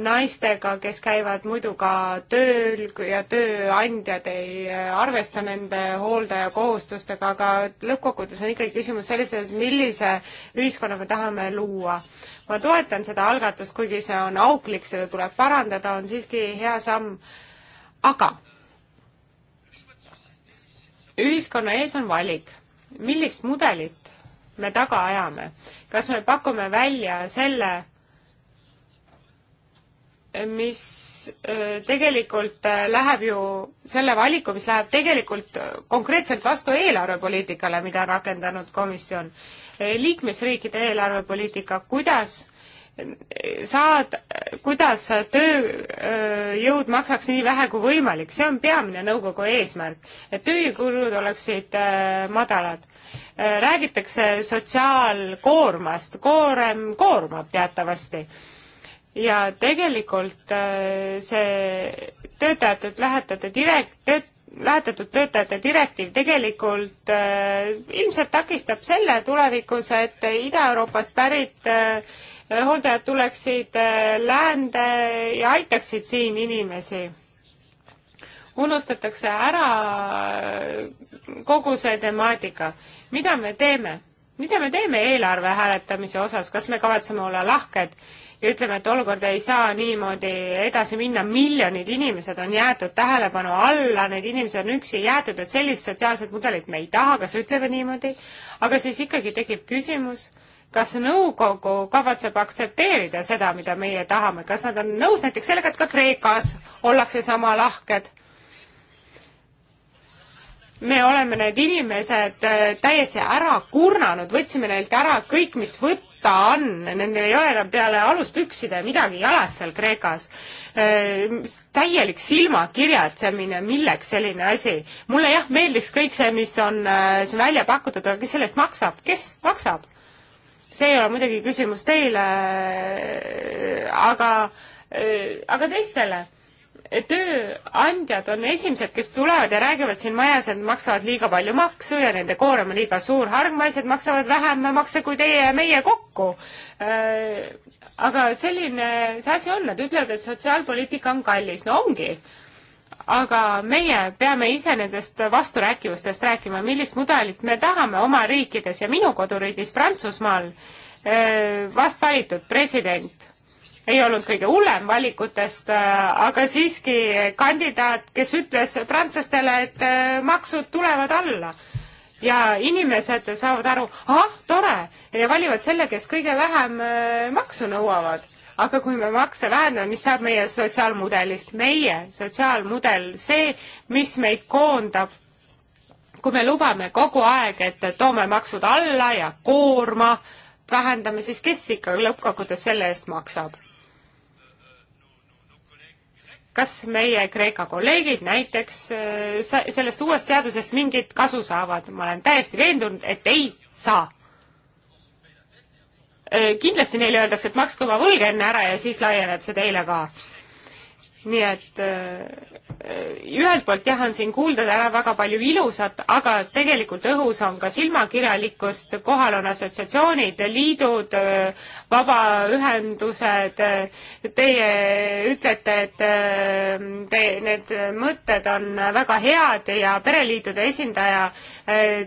naistega, kes käivad muidu ka tööl ja tööandjad ei äh, arvesta nende hooldaja kohustustega, aga lõppkokkuvõttes on ikkagi küsimus selles, millise ühiskonna me tahame luua. ma toetan seda algatust, kuigi see on auklik, seda tuleb parandada, on siiski hea samm, aga ühiskonna ees on valik, millist mudelit me taga ajame, kas me pakume välja selle, mis äh, tegelikult äh, läheb ju, selle valiku, mis läheb tegelikult äh, konkreetselt vastu eelarvepoliitikale, mida on rakendanud komisjon, liikmesriikide eelarvepoliitika, kuidas saad, kuidas tööjõud maksaks nii vähe kui võimalik, see on peamine nõukogu eesmärk, et tööjõukulud oleksid madalad. räägitakse sotsiaalkoormast, koorem koormab teatavasti ja tegelikult äh, see töötajatud lähetajate direkt-, tööt-, lähetatud töötajate direktiiv tegelikult äh, ilmselt takistab selle tulevikus, et Ida-Euroopast pärit äh, hooldajad tuleksid äh, läände ja aitaksid siin inimesi. unustatakse ära äh, kogu see temaatika. mida me teeme? mida me teeme eelarve hääletamise osas, kas me kavatseme olla lahked? ja ütleme, et olukord ei saa niimoodi edasi minna, miljonid inimesed on jäetud tähelepanu alla, need inimesed on üksi jäetud, et sellist sotsiaalset mudelit me ei taha, kas ütleme niimoodi, aga siis ikkagi tekib küsimus, kas nõukogu kavatseb aktsepteerida seda, mida meie tahame, kas nad on nõus näiteks sellega, et ka Kreekas ollakse sama lahked? me oleme need inimesed äh, täiesti ära kurnanud, võtsime neilt ära kõik, mis võtta sõtta on, nendel ei ole enam peale aluspükside midagi jalas seal Kreekas. Ehm, täielik silmakirjatsemine, milleks selline asi? mulle jah, meeldiks kõik see, mis on äh, siin välja pakutud, aga kes selle eest maksab, kes maksab? see ei ole muidugi küsimus teile, äh, aga, äh, aga teistele tööandjad on esimesed, kes tulevad ja räägivad siin majas, et maksavad liiga palju maksu ja nende koorem on liiga suur, hargmaised maksavad vähem makse kui teie ja meie kokku. Äh, aga selline see asi on, nad ütlevad, et sotsiaalpoliitika on kallis, no ongi. aga meie peame ise nendest vasturääkivustest rääkima, millist mudelit me tahame oma riikides ja minu koduriigis Prantsusmaal äh, vast valitud president ei olnud kõige hullem valikutest, äh, aga siiski kandidaat, kes ütles prantslastele, et äh, maksud tulevad alla. ja inimesed saavad aru, ah, tore, ja valivad selle, kes kõige vähem äh, maksu nõuavad. aga kui me makse vähendame, mis saab meie sotsiaalmudelist? meie sotsiaalmudel, see, mis meid koondab, kui me lubame kogu aeg, et toome maksud alla ja koorma vähendame, siis kes ikka lõppkokkuvõttes selle eest maksab? kas meie Kreeka kolleegid näiteks äh, sellest uuest seadusest mingit kasu saavad? ma olen täiesti veendunud, et ei saa. Äh, kindlasti neile öeldakse, et makske oma võlg enne ära ja siis laieneb see teile ka. nii et äh, ühelt poolt jah, on siin kuulda täna väga palju ilusat, aga tegelikult õhus on ka silmakirjalikkust, kohal on assotsiatsioonid, liidud, vabaühendused, teie ütlete, et te, need mõtted on väga head ja pereliitude esindaja,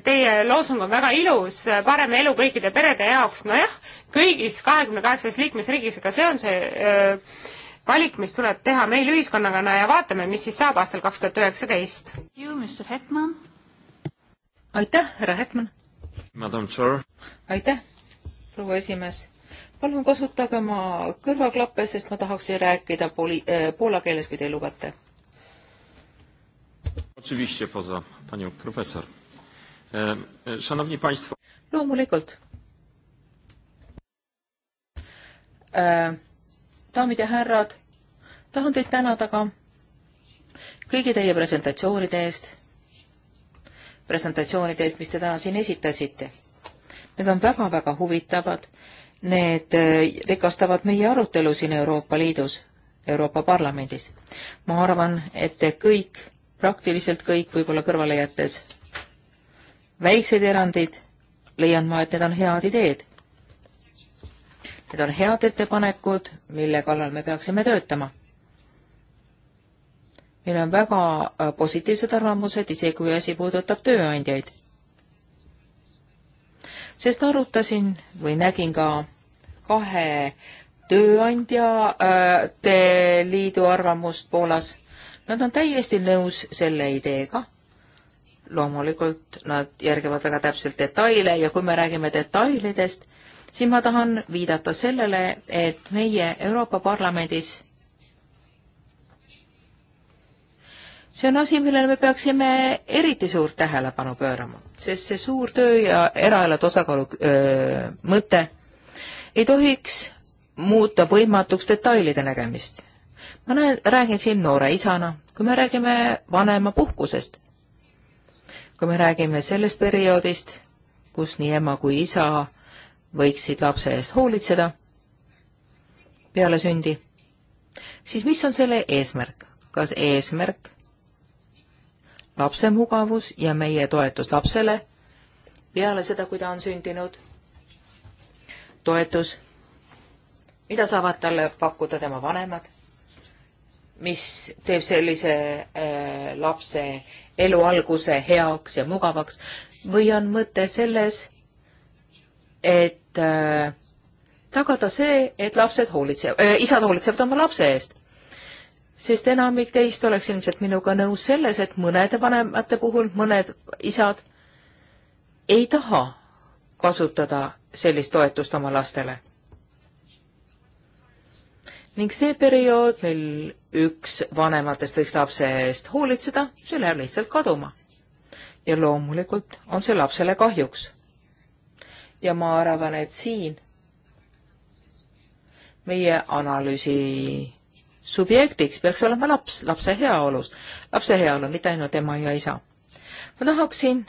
teie loosung on väga ilus, parem elu kõikide perede jaoks, nojah, kõigis kahekümne kaheksas liikmesriigis, aga see on see öö, valik, mis tuleb teha meil ühiskonnana ja vaatame, mis siis saab aastal kaks tuhat üheksateist. aitäh, härra Hetman. aitäh, proua esimees. palun kasutage oma kõrvaklappe, sest ma tahaksin rääkida poli- äh,, poola keeles, kui te lubate. Oczywiście poza panią profesor. E, e, szanowni Państwo. Loomulikult. E, daamid ja härrad, tahan teid tänada ka kõigi teie presentatsioonide eest, presentatsioonide eest, mis te täna siin esitasite. Need on väga-väga huvitavad, need äh, rikastavad meie arutelu siin Euroopa Liidus, Euroopa Parlamendis. ma arvan, et te kõik, praktiliselt kõik, võib-olla kõrvale jättes väikseid erandeid, leian ma, et need on head ideed Need on head ettepanekud, mille kallal me peaksime töötama. meil on väga äh, positiivsed arvamused, isegi kui asi puudutab tööandjaid. sest arutasin või nägin ka kahe tööandjate äh, liidu arvamust Poolas. Nad on täiesti nõus selle ideega. loomulikult nad järgivad väga täpselt detaile ja kui me räägime detailidest, siin ma tahan viidata sellele, et meie Euroopa Parlamendis see on asi, millele me peaksime eriti suurt tähelepanu pöörama, sest see suur töö ja eraelu tasakaalu öö, mõte ei tohiks muuta võimatuks detailide nägemist. ma näen, räägin siin noore isana, kui me räägime vanemapuhkusest, kui me räägime sellest perioodist, kus nii ema kui isa võiksid lapse eest hoolitseda peale sündi, siis mis on selle eesmärk? kas eesmärk, lapse mugavus ja meie toetus lapsele peale seda, kui ta on sündinud, toetus, mida saavad talle pakkuda tema vanemad, mis teeb sellise äh, lapse elu alguse heaks ja mugavaks või on mõte selles, et et äh, tagada see, et lapsed hoolitsevad äh,, isad hoolitsevad oma lapse eest. sest enamik teist oleks ilmselt minuga nõus selles, et mõnede vanemate puhul mõned isad ei taha kasutada sellist toetust oma lastele. ning see periood, mil üks vanematest võiks lapse eest hoolitseda, see läheb lihtsalt kaduma. ja loomulikult on see lapsele kahjuks ja ma arvan, et siin meie analüüsi subjektiks peaks olema laps, lapse heaolus, lapse heaolu, mitte ainult ema ja isa. ma tahaksin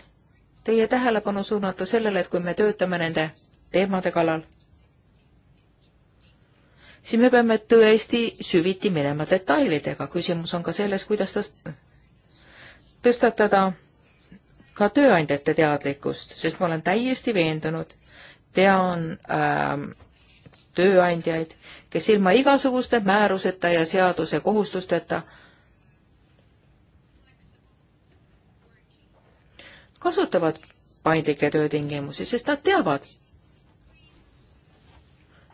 teie tähelepanu suunata sellele, et kui me töötame nende teemade kallal, siis me peame tõesti süviti minema detailidega. küsimus on ka selles, kuidas tõst-, tõstatada ka tööandjate teadlikkust, sest ma olen täiesti veendunud, tean ähm, tööandjaid, kes ilma igasuguste määruseta ja seaduse kohustusteta kasutavad paindlikke töötingimusi, sest nad teavad,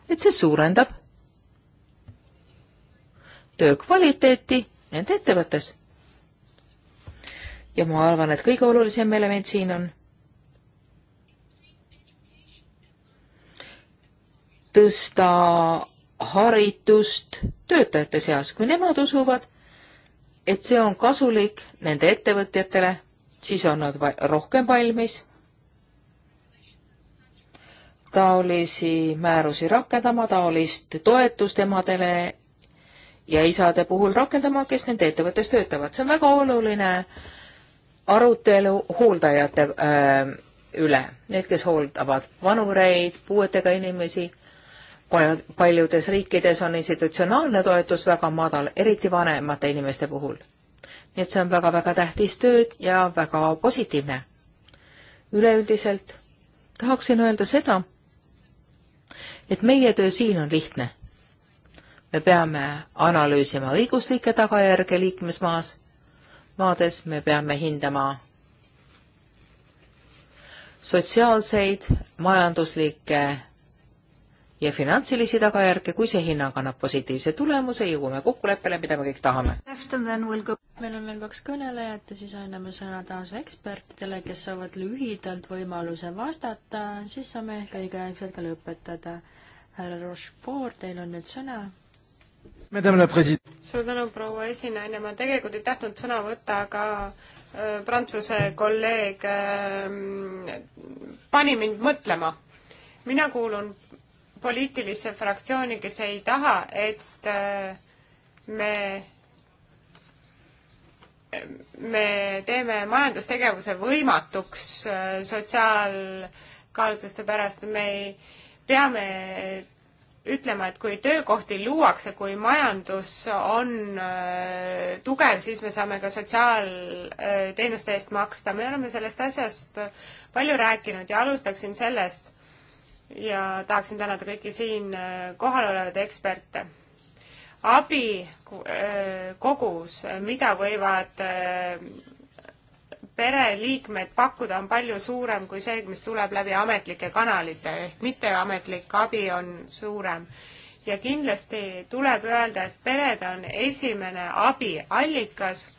et see suurendab töö kvaliteeti nende ettevõttes. ja ma arvan, et kõige olulisem element siin on tõsta haritust töötajate seas, kui nemad usuvad, et see on kasulik nende ettevõtjatele, siis on nad rohkem valmis taolisi määrusi rakendama, taolist toetust emadele ja isade puhul rakendama, kes nende ettevõttes töötavad. see on väga oluline arutelu hooldajate öö, äh, üle, need, kes hooldavad vanureid, puuetega inimesi paljudes riikides on institutsionaalne toetus väga madal, eriti vanemate inimeste puhul. nii et see on väga-väga tähtis tööd ja väga positiivne. üleüldiselt tahaksin öelda seda, et meie töö siin on lihtne. me peame analüüsima õiguslikke tagajärge liikmesmaas, maades me peame hindama sotsiaalseid, majanduslikke ja finantsilisi tagajärge, kui see hinnang annab positiivse tulemuse, jõuame kokkuleppele, mida me kõik tahame. meil on veel kaks kõnelejat ja siis anname sõna taas ekspertidele, kes saavad lühidalt võimaluse vastata, siis saame ehk õigeaegselt ka lõpetada. härra Rochefort, teil on nüüd sõna suur tänu, proua esinaine, ma tegelikult ei tahtnud sõna võtta, aga äh, prantsuse kolleeg ähm, pani mind mõtlema. mina kuulun poliitilisse fraktsiooni, kes ei taha, et äh, me, me teeme majandustegevuse võimatuks äh, sotsiaalkaalutluste pärast, me ei, peame ütlema, et kui töökohti luuakse, kui majandus on äh, tugev, siis me saame ka sotsiaalteenuste äh, eest maksta. me oleme sellest asjast palju rääkinud ja alustaksin sellest, ja tahaksin tänada kõiki siin äh, kohal olevaid eksperte. abi äh, kogus, äh, mida võivad pereliikmed pakkuda, on palju suurem kui see, mis tuleb läbi ametlike kanalite ehk mitteametlik abi on suurem. ja kindlasti tuleb öelda, et pered on esimene abiallikas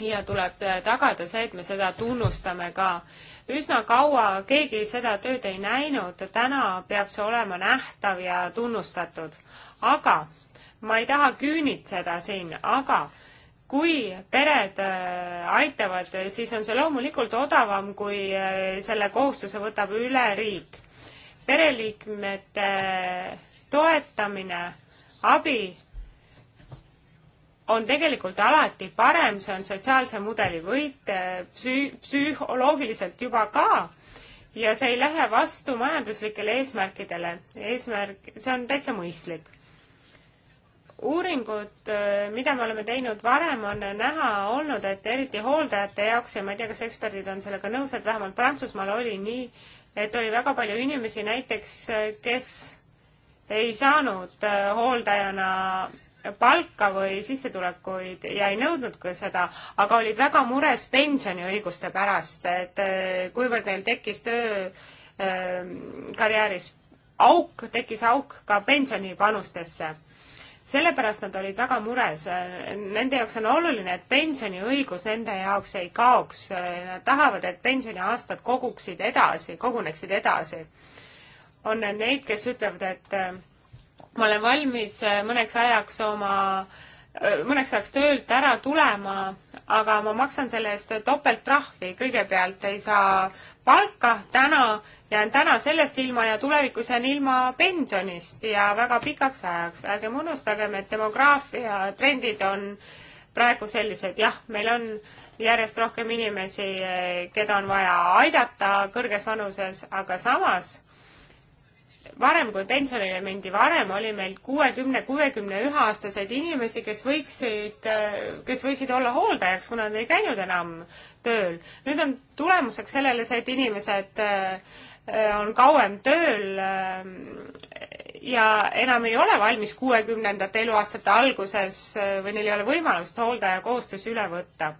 ja tuleb tagada see, et me seda tunnustame ka üsna kaua keegi seda tööd ei näinud, täna peab see olema nähtav ja tunnustatud. aga ma ei taha küünitseda siin, aga kui pered äh, aitavad, siis on see loomulikult odavam, kui äh, selle kohustuse võtab üle riik. pereliikmete toetamine, abi on tegelikult alati parem, see on sotsiaalse mudeli võit äh, psüü-, psühholoogiliselt juba ka ja see ei lähe vastu majanduslikele eesmärkidele. eesmärk, see on täitsa mõistlik. uuringud, äh, mida me oleme teinud varem, on näha olnud, et eriti hooldajate jaoks ja ma ei tea, kas eksperdid on sellega nõus, et vähemalt Prantsusmaal oli nii, et oli väga palju inimesi näiteks, äh, kes ei saanud hooldajana palka või sissetulekuid ja ei nõudnud ka seda, aga olid väga mures pensioniõiguste pärast, et eh, kuivõrd neil tekkis töö ehm, karjääris auk, tekkis auk ka pensionipanustesse. sellepärast nad olid väga mures. Nende jaoks on oluline, et pensioniõigus nende jaoks ei kaoks. Nad tahavad, et pensioniaastad koguksid edasi, koguneksid edasi. on neid, kes ütlevad, et ehm, ma olen valmis äh, mõneks ajaks oma äh, mõneks ajaks töölt ära tulema, aga ma maksan selle eest topelttrahvi, kõigepealt ei saa palka täna, jään täna sellest ilma ja tulevikus jään ilma pensionist ja väga pikaks ajaks. ärgem unustagem, et demograafia trendid on praegu sellised, jah, meil on järjest rohkem inimesi, äh, keda on vaja aidata kõrges vanuses, aga samas varem, kui pensionile mindi varem, oli meil kuuekümne, kuuekümne ühe aastaseid inimesi, kes võiksid, kes võisid olla hooldajaks, kuna nad ei käinud enam tööl. nüüd on tulemuseks sellele see, et inimesed äh, on kauem tööl äh, ja enam ei ole valmis kuuekümnendate eluaastate alguses äh, või neil ei ole võimalust hooldaja kohustusi üle võtta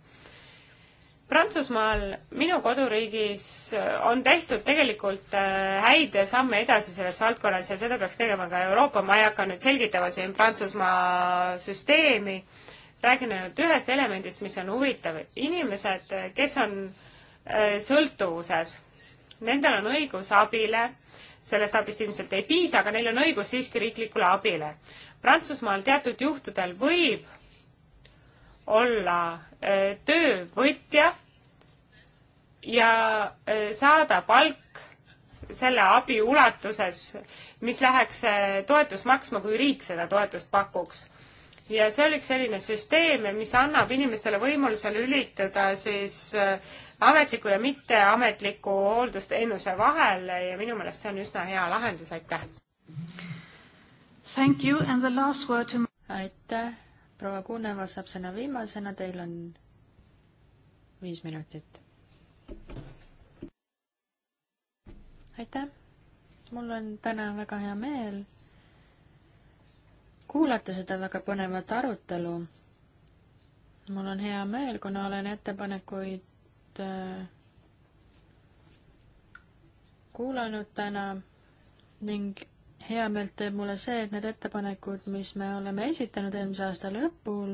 Prantsusmaal, minu koduriigis, äh, on tehtud tegelikult äh, häid samme edasi selles valdkonnas ja seda peaks tegema ka Euroopa, ma ei hakka nüüd selgitama siin Prantsusmaa süsteemi, räägin ainult ühest elemendist, mis on huvitav. inimesed, äh, kes on sõltuvuses, nendel on õigus abile, sellest abist ilmselt ei piisa, aga neil on õigus siiski riiklikule abile. Prantsusmaal teatud juhtudel võib olla äh, töövõtja ja äh, saada palk selle abi ulatuses, mis läheks äh, toetust maksma, kui riik seda toetust pakuks. ja see oleks selline süsteem, mis annab inimestele võimaluse lülitada siis ametliku ja mitteametliku hooldusteenuse vahel ja minu meelest see on üsna hea lahendus, aitäh! Thank you and the last word to aitäh proua Kuneva saab sõna viimasena, teil on viis minutit. aitäh, mul on täna väga hea meel kuulata seda väga põnevat arutelu. mul on hea meel, kuna olen ettepanekuid äh, kuulanud täna ning heameelt teeb mulle see, et need ettepanekud, mis me oleme esitanud eelmise aasta lõpul,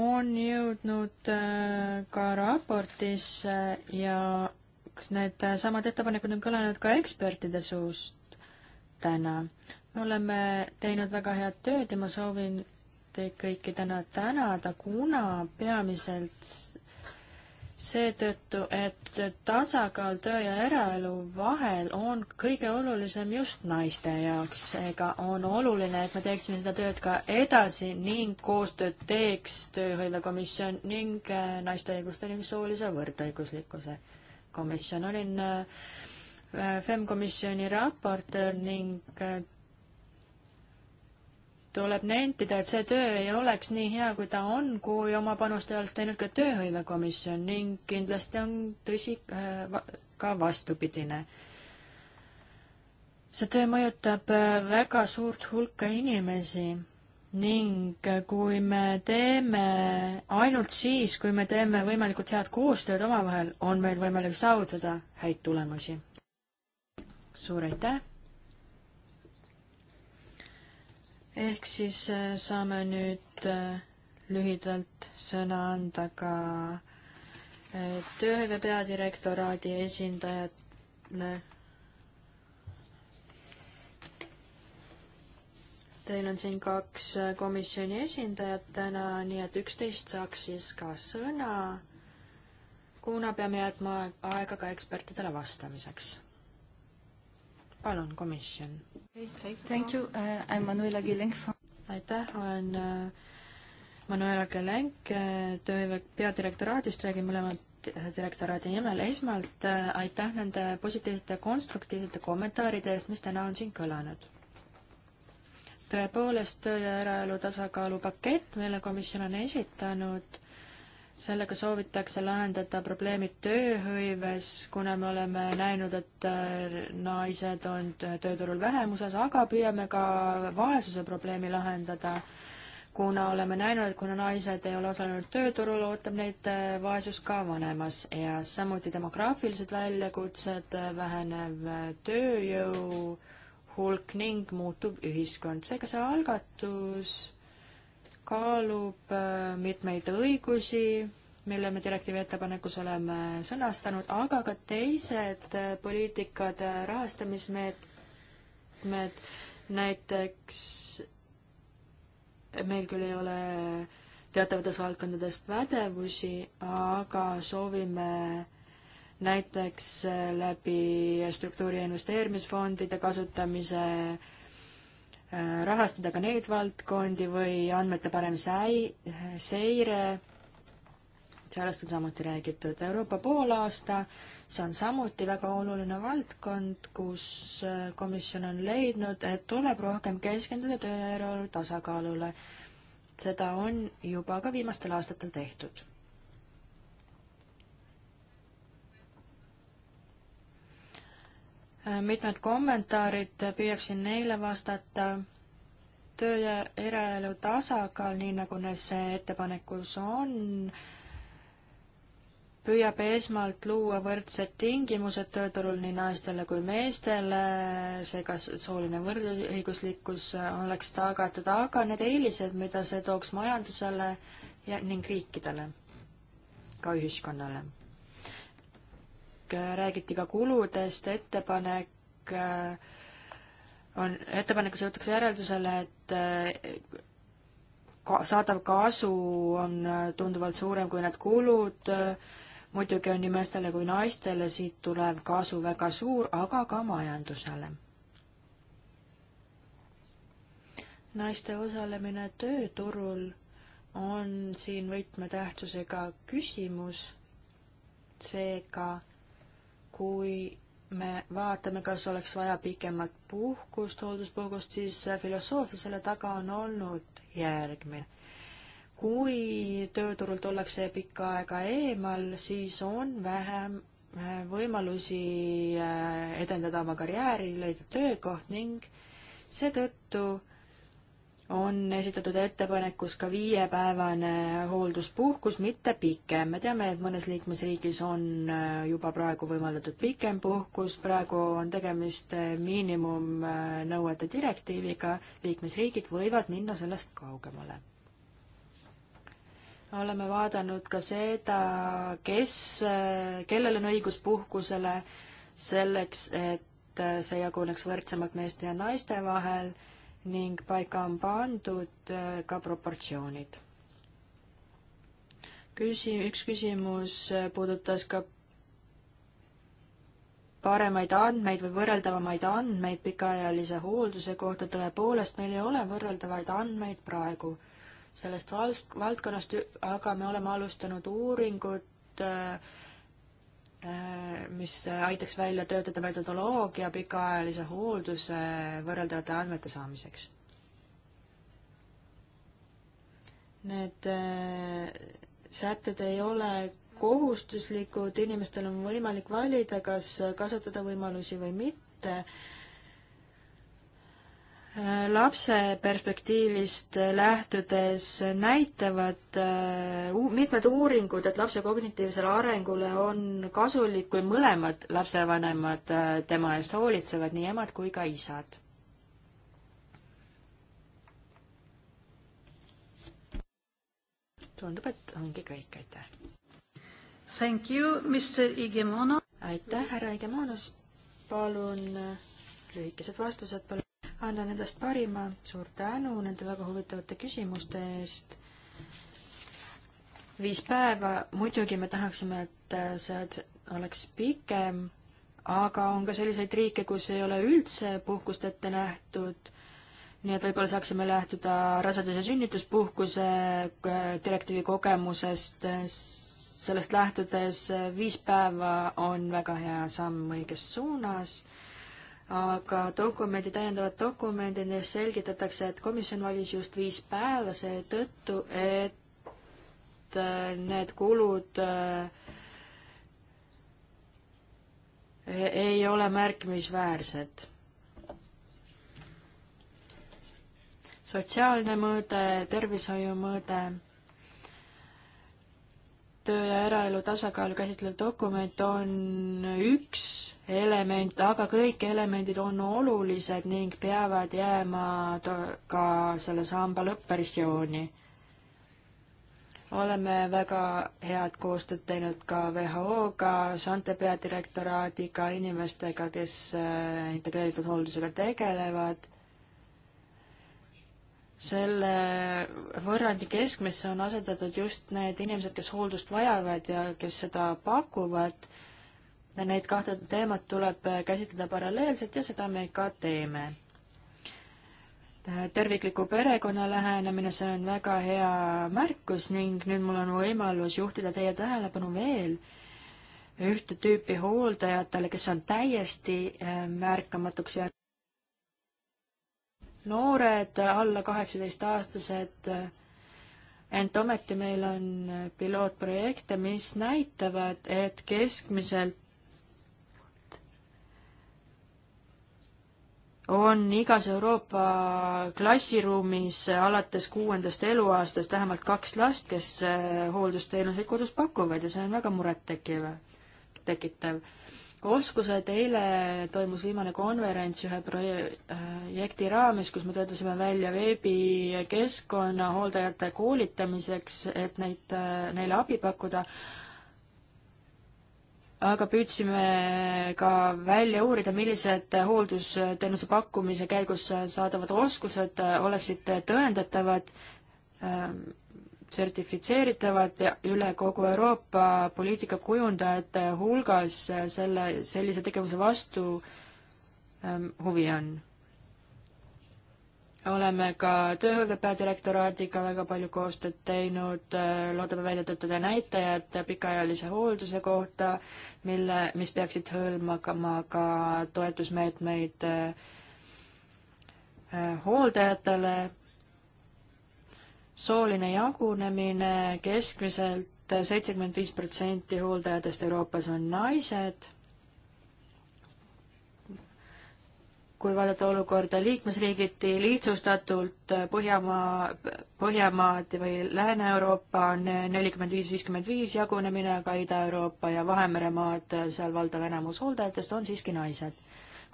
on jõudnud äh, ka raportisse ja kas need samad ettepanekud on kõlanud ka ekspertide suust täna? me oleme teinud väga head tööd ja ma soovin teid kõiki täna tänada, kuna peamiselt seetõttu, et tasakaal töö ja eraelu vahel on kõige olulisem just naiste jaoks, seega on oluline, et me teeksime seda tööd ka edasi ning koostööd teeks Tööhõivekomisjon ning äh, Naiste õiguste ning soolise võrdõiguslikkuse komisjon. olin äh, FEM komisjoni raportöör ning äh, tuleb nentida, et see töö ei oleks nii hea, kui ta on, kui oma panust ei oleks teinud ka tööhõivekomisjon ning kindlasti on tõsi äh, ka vastupidine. see töö mõjutab äh, väga suurt hulka inimesi ning äh, kui me teeme ainult siis, kui me teeme võimalikult head koostööd omavahel, on meil võimalik saavutada häid tulemusi. suur aitäh! ehk siis äh, saame nüüd äh, lühidalt sõna anda ka äh, tööhõive peadirektoraadi esindajatele. Teil on siin kaks komisjoni esindajat täna, nii et üksteist saaks siis ka sõna, kuna peame jätma aega ka ekspertidele vastamiseks palun, komisjon. Uh, aitäh, olen uh, Manuela Gelenk, uh, tööhõive peadirektoraadist, räägin mõlemad direktoraadi nimel. esmalt aitäh nende positiivsete konstruktiivsete kommentaaride eest, mis täna on siin kõlanud. tõepoolest, töö ja eraelu tasakaalu pakett, mille komisjon on esitanud, sellega soovitakse lahendada probleemid tööhõives, kuna me oleme näinud, et äh, naised on tööturul vähemuses, aga püüame ka vaesuse probleemi lahendada, kuna oleme näinud, et kuna naised ei ole osalenud tööturul, ootab neid äh, vaesus ka vanemas eas, samuti demograafilised väljakutsed, äh, vähenev tööjõu hulk ning muutub ühiskond. seega see algatus kaalub äh, mitmeid õigusi, mille me direktiivi ettepanekus oleme sõnastanud, aga ka teised äh, poliitikad, äh, rahastamismeetmed, näiteks meil küll ei ole teatavates valdkondades pädevusi, aga soovime näiteks läbi struktuuri investeerimisfondide kasutamise äh, rahastada ka neid valdkondi või andmete parem säi-, seire, sellest on samuti räägitud. Euroopa poolaasta, see on samuti väga oluline valdkond, kus äh, komisjon on leidnud, et tuleb rohkem keskenduda tööjärelevalve tasakaalule. seda on juba ka viimastel aastatel tehtud Äh, mitmed kommentaarid, püüaksin neile vastata. töö ja eraelu tasakaal, nii nagu neil see ettepanekus on, püüab esmalt luua võrdsed tingimused tööturul nii naistele kui meestele, seega sooline võrdõiguslikkus oleks tagatud, aga need eelised, mida see tooks majandusele ja ning riikidele, ka ühiskonnale Äh, räägiti ka kuludest, ettepanek äh, on, ettepanekus jõutakse järeldusele, et äh, ka-, saadav kasu on tunduvalt suurem kui need kulud, muidugi on nii meestele kui naistele siit tulev kasu väga suur, aga ka majandusele. naiste osalemine tööturul on siin võtmetähtsusega küsimus, seega kui me vaatame, kas oleks vaja pikemat puhkust, hoolduspuhkust, siis filosoofia selle taga on olnud järgmine. kui tööturult ollakse pikka aega eemal, siis on vähem äh, võimalusi äh, edendada oma karjääri, leida töökoht ning seetõttu on esitatud ettepanekus ka viiepäevane hoolduspuhkus, mitte pikem. me teame, et mõnes liikmesriigis on äh, juba praegu võimaldatud pikem puhkus, praegu on tegemist äh, miinimumnõuete direktiiviga, liikmesriigid võivad minna sellest kaugemale. oleme vaadanud ka seda, kes, äh, kellel on õigus puhkusele, selleks et see jaguneks võrdsemalt meeste ja naiste vahel ning paika on pandud äh, ka proportsioonid. küsi-, üks küsimus äh, puudutas ka paremaid andmeid või võrreldavamaid andmeid pikaajalise hoolduse kohta, tõepoolest, meil ei ole võrreldavaid andmeid praegu sellest vald-, valdkonnast, aga me oleme alustanud uuringut äh, Äh, mis aitaks välja töötada metodoloogia pikaajalise hoolduse võrreldavate andmete saamiseks. Need äh, sätted ei ole kohustuslikud, inimestel on võimalik valida, kas kasutada võimalusi või mitte lapse perspektiivist lähtudes näitavad äh, mitmed uuringud, et lapse kognitiivsele arengule on kasulik, kui mõlemad lapsevanemad äh, tema eest hoolitsevad, nii emad kui ka isad. tundub, et ongi kõik, aitäh. Thank you, Mr Igemono. aitäh, härra Igemonos, palun äh, lühikesed vastused, palun annan endast parima, suur tänu nende väga huvitavate küsimuste eest. viis päeva, muidugi me tahaksime, et äh, see oleks pikem, aga on ka selliseid riike, kus ei ole üldse puhkust ette nähtud nii et võib-olla saaksime lähtuda rasedus- ja sünnituspuhkuse äh, direktiivi kogemusest, sellest lähtudes äh, viis päeva on väga hea samm õiges suunas aga dokumendi, täiendavad dokumendid, neis selgitatakse, et komisjon valis just viis päeva seetõttu, et äh, need kulud äh, e-, ei ole märkimisväärsed sotsiaalne mõõde, tervishoiu mõõde töö ja eraelu tasakaalu käsitlev dokument on üks element, aga kõik elemendid on olulised ning peavad jääma ka selle samba lõppversiooni. oleme väga head koostööd teinud ka WHO-ga, Sante peadirektoraadiga, inimestega, kes äh, integreeritud hooldusega tegelevad selle võrrandi keskmesse on asetatud just need inimesed, kes hooldust vajavad ja kes seda pakuvad. Neid kahte teemat tuleb käsitleda paralleelselt ja seda me ka teeme. tervikliku perekonna lähenemine, see on väga hea märkus ning nüüd mul on võimalus juhtida teie tähelepanu veel ühte tüüpi hooldajatele, kes on täiesti eh, märkamatuks jäänud noored, alla kaheksateistaastased, ent ometi meil on pilootprojekte, mis näitavad, et keskmiselt on igas Euroopa klassiruumis alates kuuendast eluaastast vähemalt kaks last, kes hooldusteenuseid kodus pakuvad ja see on väga murettekitav tekitav oskused, eile toimus viimane konverents ühe äh, projekti raames, kus me töötasime välja veebikeskkonna hooldajate koolitamiseks, et neid, äh, neile abi pakkuda, aga püüdsime ka välja uurida, millised hooldusteenuse pakkumise käigus saadavad oskused äh, oleksid tõendatavad ähm, sertifitseeritavad ja üle kogu Euroopa poliitikakujundajate hulgas selle, sellise tegevuse vastu ähm, huvi on. oleme ka tööhõive peadirektoraadiga väga palju koostööd teinud, äh, loodame välja töötada näitajad pikaajalise hoolduse kohta, mille, mis peaksid hõlmama ka toetusmeetmeid äh, äh hooldajatele sooline jagunemine keskmiselt seitsekümmend viis protsenti hooldajatest Euroopas on naised. kui vaadata olukorda liikmesriigiti lihtsustatult Põhjamaa, Põhjamaad või Lääne-Euroopa on nelikümmend viis, viiskümmend viis jagunemine, aga Ida-Euroopa ja Vahemeremaad, seal valdav enamus hooldajatest on siiski naised.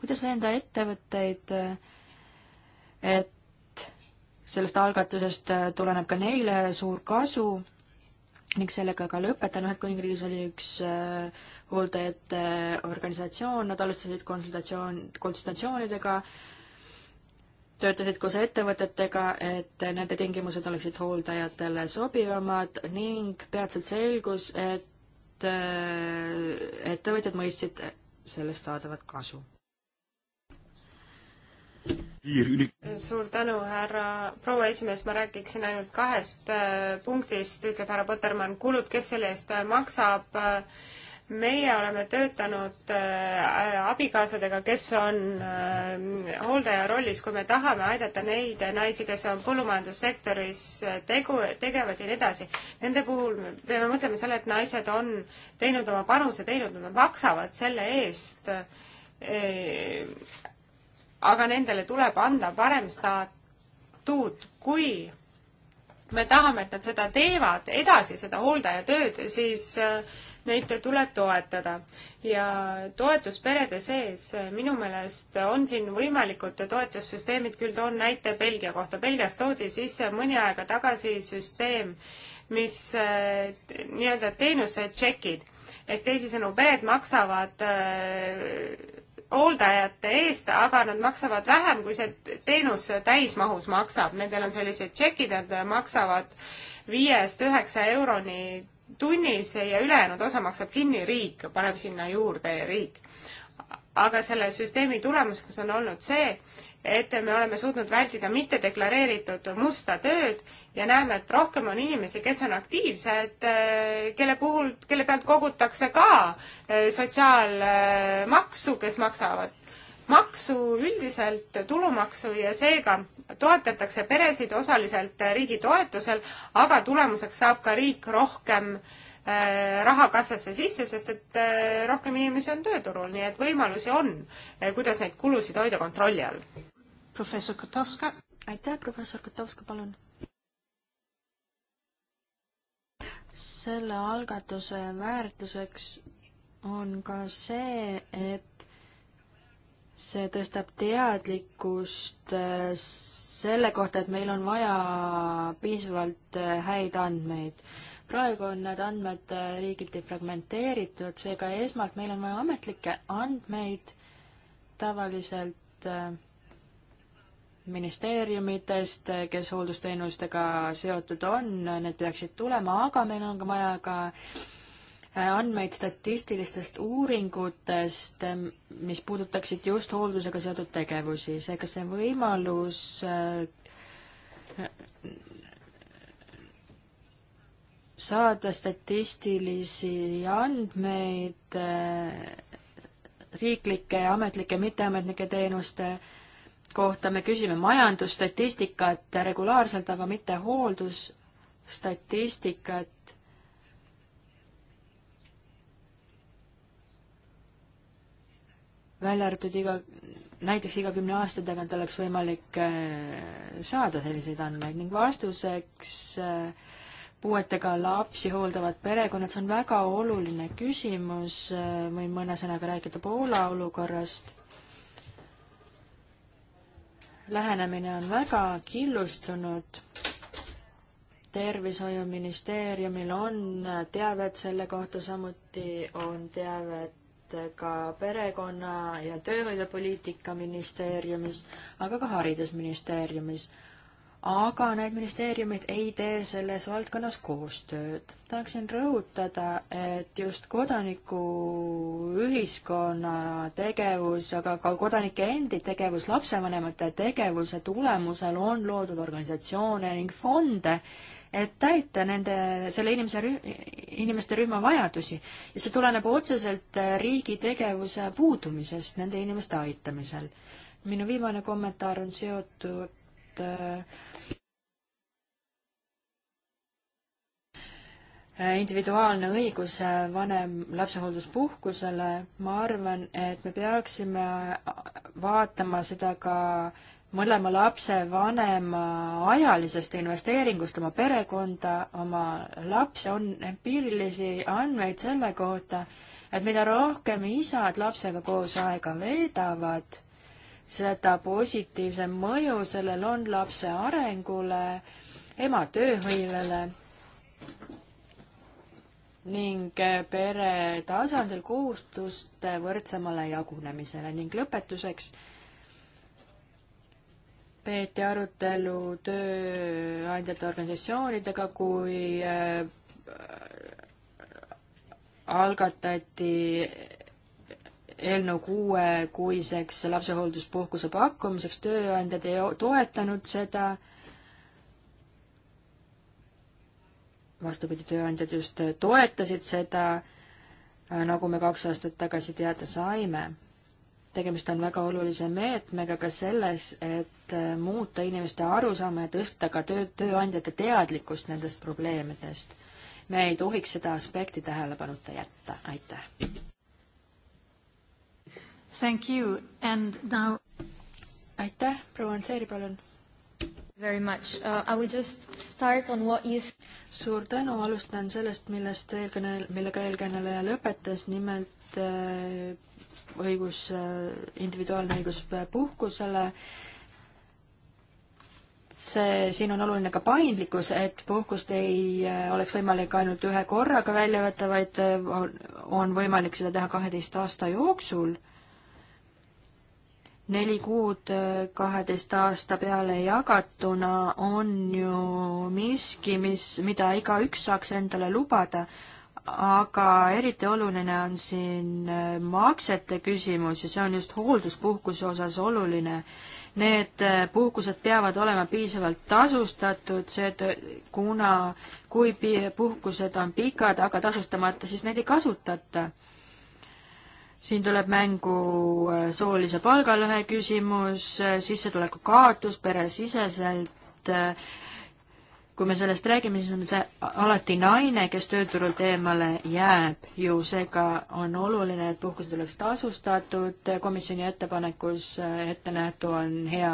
kuidas veenda ettevõtteid, et sellest algatusest äh, tuleneb ka neile suur kasu ning sellega ka lõpetan, Ühendkuningriigis oli üks äh, hooldajate äh, organisatsioon, nad alustasid konsultatsioon, konsultatsioonidega, töötasid koos ettevõtetega, et nende tingimused oleksid hooldajatele sobivamad ning peatselt selgus, et ettevõtjad mõistsid sellest saadavat kasu suur tänu, härra proua esimees, ma räägiksin ainult kahest äh, punktist, ütleb härra Potermann, kulud, kes selle eest äh, maksab äh, meie oleme töötanud abikaasadega, kes on hooldaja rollis, kui me tahame aidata neid naisi, kes on põllumajandussektoris tegu, tegevad ja nii edasi. Nende puhul me peame mõtlema selle, et naised on teinud oma panuse, teinud, nad maksavad selle eest aga nendele tuleb anda parem statuut, kui me tahame, et nad seda teevad edasi, seda hooldajatööd, siis äh, neid tuleb toetada. ja toetus perede sees, äh, minu meelest on siin võimalikud toetussüsteemid, küll toon näite Belgia kohta. Belgias toodi sisse mõni aega tagasi süsteem, mis äh, nii-öelda teenuse tšekid ehk teisisõnu, pered maksavad hooldajate eest, aga nad maksavad vähem, kui see teenus täismahus maksab. Nendel on sellised tšekid, nad maksavad viiest üheksa euroni tunnis ja ülejäänud osa maksab kinni riik, paneb sinna juurde riik. aga selle süsteemi tulemuseks on olnud see, et me oleme suutnud vältida mittedeklareeritud musta tööd ja näeme, et rohkem on inimesi, kes on aktiivsed, äh, kelle puhul, kelle pealt kogutakse ka äh, sotsiaalmaksu, kes maksavad maksu üldiselt, tulumaksu ja seega toetatakse peresid osaliselt riigi toetusel, aga tulemuseks saab ka riik rohkem äh, raha kassasse sisse, sest et rohkem inimesi on tööturul, nii et võimalusi on, kuidas neid kulusid hoida kontrolli all professor Kotovska. aitäh, professor Kotovska, palun. selle algatuse väärtuseks on ka see, et see tõstab teadlikkust eh, selle kohta, et meil on vaja piisavalt eh, häid andmeid. praegu on need andmed eh, riigiti fragmenteeritud, seega esmalt meil on vaja ametlikke andmeid tavaliselt äh, ministeeriumitest, kes hooldusteenustega seotud on, need peaksid tulema, aga meil on ka vaja ka äh, andmeid statistilistest uuringutest, mis puudutaksid just hooldusega seotud tegevusi, seega see võimalus äh, saada statistilisi andmeid äh, riiklike, ametlike, mitteametlike teenuste äh, kohta me küsime majandusstatistikat regulaarselt, aga mitte hooldusstatistikat. välja arvatud iga, näiteks iga kümne aasta tagant oleks võimalik äh, saada selliseid andmeid ning vastuseks äh, puuetega lapsi hooldavad perekonnad, see on väga oluline küsimus, äh, võin mõne sõnaga rääkida Poola olukorrast lähenemine on väga killustunud. tervishoiuministeeriumil on teavet selle kohta, samuti on teavet ka perekonna- ja tööhõivepoliitika ministeeriumis, aga ka haridusministeeriumis aga need ministeeriumid ei tee selles valdkonnas koostööd. tahaksin rõhutada, et just kodanikuühiskonna tegevus, aga ka kodanike endi tegevus, lapsevanemate tegevuse tulemusel on loodud organisatsioone ning fonde, et täita nende, selle inimese rühm, inimeste rühma vajadusi ja see tuleneb otseselt riigi tegevuse puudumisest nende inimeste aitamisel. minu viimane kommentaar on seotud Äh, individuaalne õigus äh, vanem lapsehoolduspuhkusele, ma arvan, et me peaksime äh, vaatama seda ka mõlema lapsevanema ajalisest investeeringust oma perekonda, oma lapse, on empiirilisi andmeid selle kohta, et mida rohkem isad lapsega koos aega veedavad, seda positiivsem mõju sellel on lapse arengule, ema tööhõivele ning pere tasandil kohustuste võrdsemale jagunemisele ning lõpetuseks peeti arutelu tööandjate organisatsioonidega, kui äh, algatati eelnõu kuuekuiseks lapsehoolduspuhkuse pakkumiseks, tööandjad ei toetanud seda. vastupidi, tööandjad just toetasid seda, nagu me kaks aastat tagasi teada saime. tegemist on väga olulise meetmega ka selles, et muuta inimeste arusaama ja tõsta ka töö, tööandjate teadlikkust nendest probleemidest me ei tohiks seda aspekti tähelepanuta jätta, aitäh. Thank you and now aitäh, proua Anseeri, palun. Very much uh,. I will just start on what you suur tänu, alustan sellest, millest eelkõne, millega eelkõneleja lõpetas, nimelt äh, õigus äh,, individuaalne õigus äh, puhkusele äh, see, siin on oluline ka paindlikkus, et puhkust ei äh, oleks võimalik ainult ühe korraga välja võtta, vaid äh, on võimalik seda teha kaheteist aasta jooksul neli kuud kaheteist aasta peale jagatuna on ju miski, mis, mida igaüks saaks endale lubada, aga eriti oluline on siin äh, maksete küsimus ja see on just hoolduspuhkuse osas oluline. Need äh, puhkused peavad olema piisavalt tasustatud, see, kuna, kui puhkused on pikad, aga tasustamata, siis neid ei kasutata siin tuleb mängu äh, soolise palgalõhe küsimus, äh, sissetuleku kaotus peresiseselt. Äh, kui me sellest räägime, siis on see alati naine, kes tööturult eemale jääb ju, seega on oluline, et puhkused oleks tasustatud, komisjoni ettepanekus ette nähtu on hea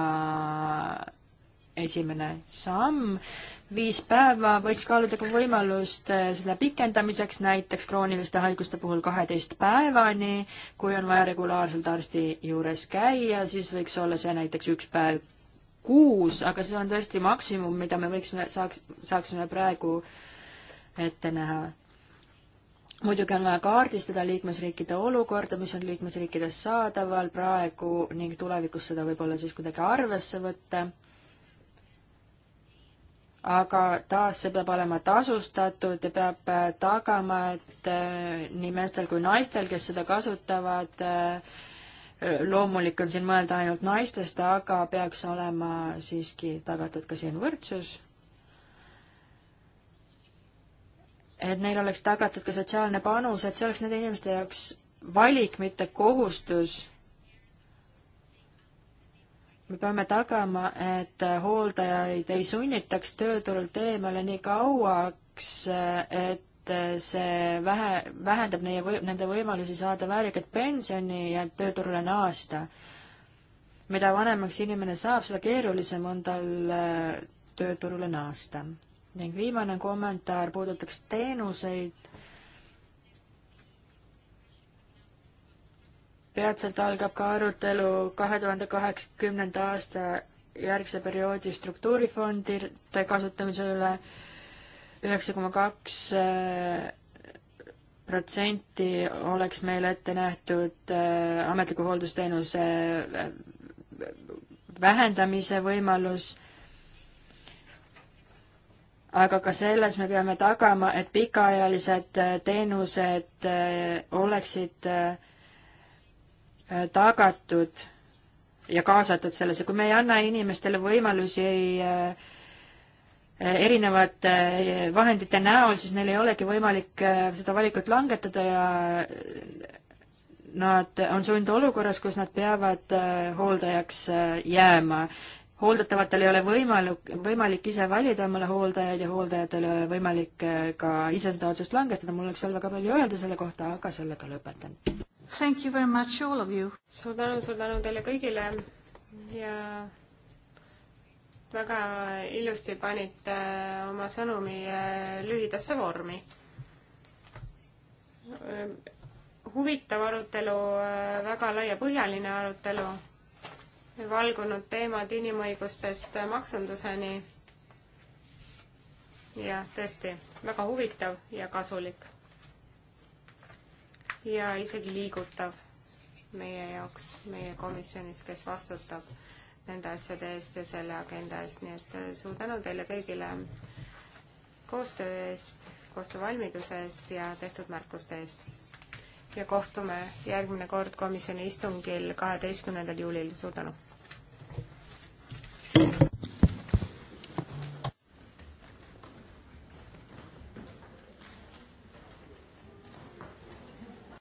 esimene samm. viis päeva võiks kaaluda ka võimalust eh, selle pikendamiseks, näiteks krooniliste haiguste puhul kaheteist päevani. kui on vaja regulaarselt arsti juures käia, siis võiks olla see näiteks üks päev kuus, aga see on tõesti maksimum, mida me võiksime, saaks, saaksime praegu ette näha muidugi on vaja kaardistada liikmesriikide olukorda, mis on liikmesriikides saadaval praegu ning tulevikus seda võib-olla siis kuidagi arvesse võtta aga taas see peab olema tasustatud ja peab äh, tagama, et äh, nii meestel kui naistel, kes seda kasutavad, äh, loomulik on siin mõelda ainult naistest, aga peaks olema siiski tagatud ka siin võrdsus. et neil oleks tagatud ka sotsiaalne panus, et see oleks nende inimeste jaoks valik, mitte kohustus me peame tagama, et hooldajaid ei sunnitaks tööturult eemale nii kauaks, et see vähe, vähendab neie või-, nende võimalusi saada väärikat pensioni ja tööturule naasta. mida vanemaks inimene saab, seda keerulisem on tal äh, tööturule naasta. ning viimane kommentaar puudutaks teenuseid peatselt algab ka arutelu kahe tuhande kaheksakümnenda aasta järgse perioodi struktuurifondide kasutamise üle üheksa koma kaks äh, protsenti oleks meil ette nähtud äh, ametliku hooldusteenuse äh, vähendamise võimalus, aga ka selles me peame tagama, et pikaajalised teenused oleksid äh, Äh, tagatud ja kaasatud sellesse, kui me ei anna inimestele võimalusi äh, erinevate äh, vahendite näol, siis neil ei olegi võimalik seda valikut langetada ja nad on sundolukorras, kus nad peavad hooldajaks jääma. hooldatavatel ei ole võimalik, võimalik ise valida omale hooldajaid ja hooldajatel ei ole võimalik ka ise seda otsust langetada, mul oleks veel väga palju öelda selle kohta, aga sellega lõpetan. Thank you very much, all of you. suur tänu, suur tänu teile kõigile ja väga ilusti panite äh, oma sõnumi äh, lühidasse vormi. Äh, huvitav arutelu, väga laiapõhjaline arutelu, valgunud teemad inimõigustest maksunduseni. jah, tõesti, väga huvitav ja kasulik ja isegi liigutav meie jaoks, meie komisjonis, kes vastutab nende asjade eest ja selle agenda eest, nii et äh, suur tänu teile kõigile koostöö eest, koostöövalmiduse eest ja tehtud märkuste eest. ja kohtume järgmine kord komisjoni istungil kaheteistkümnendal juulil, suur tänu!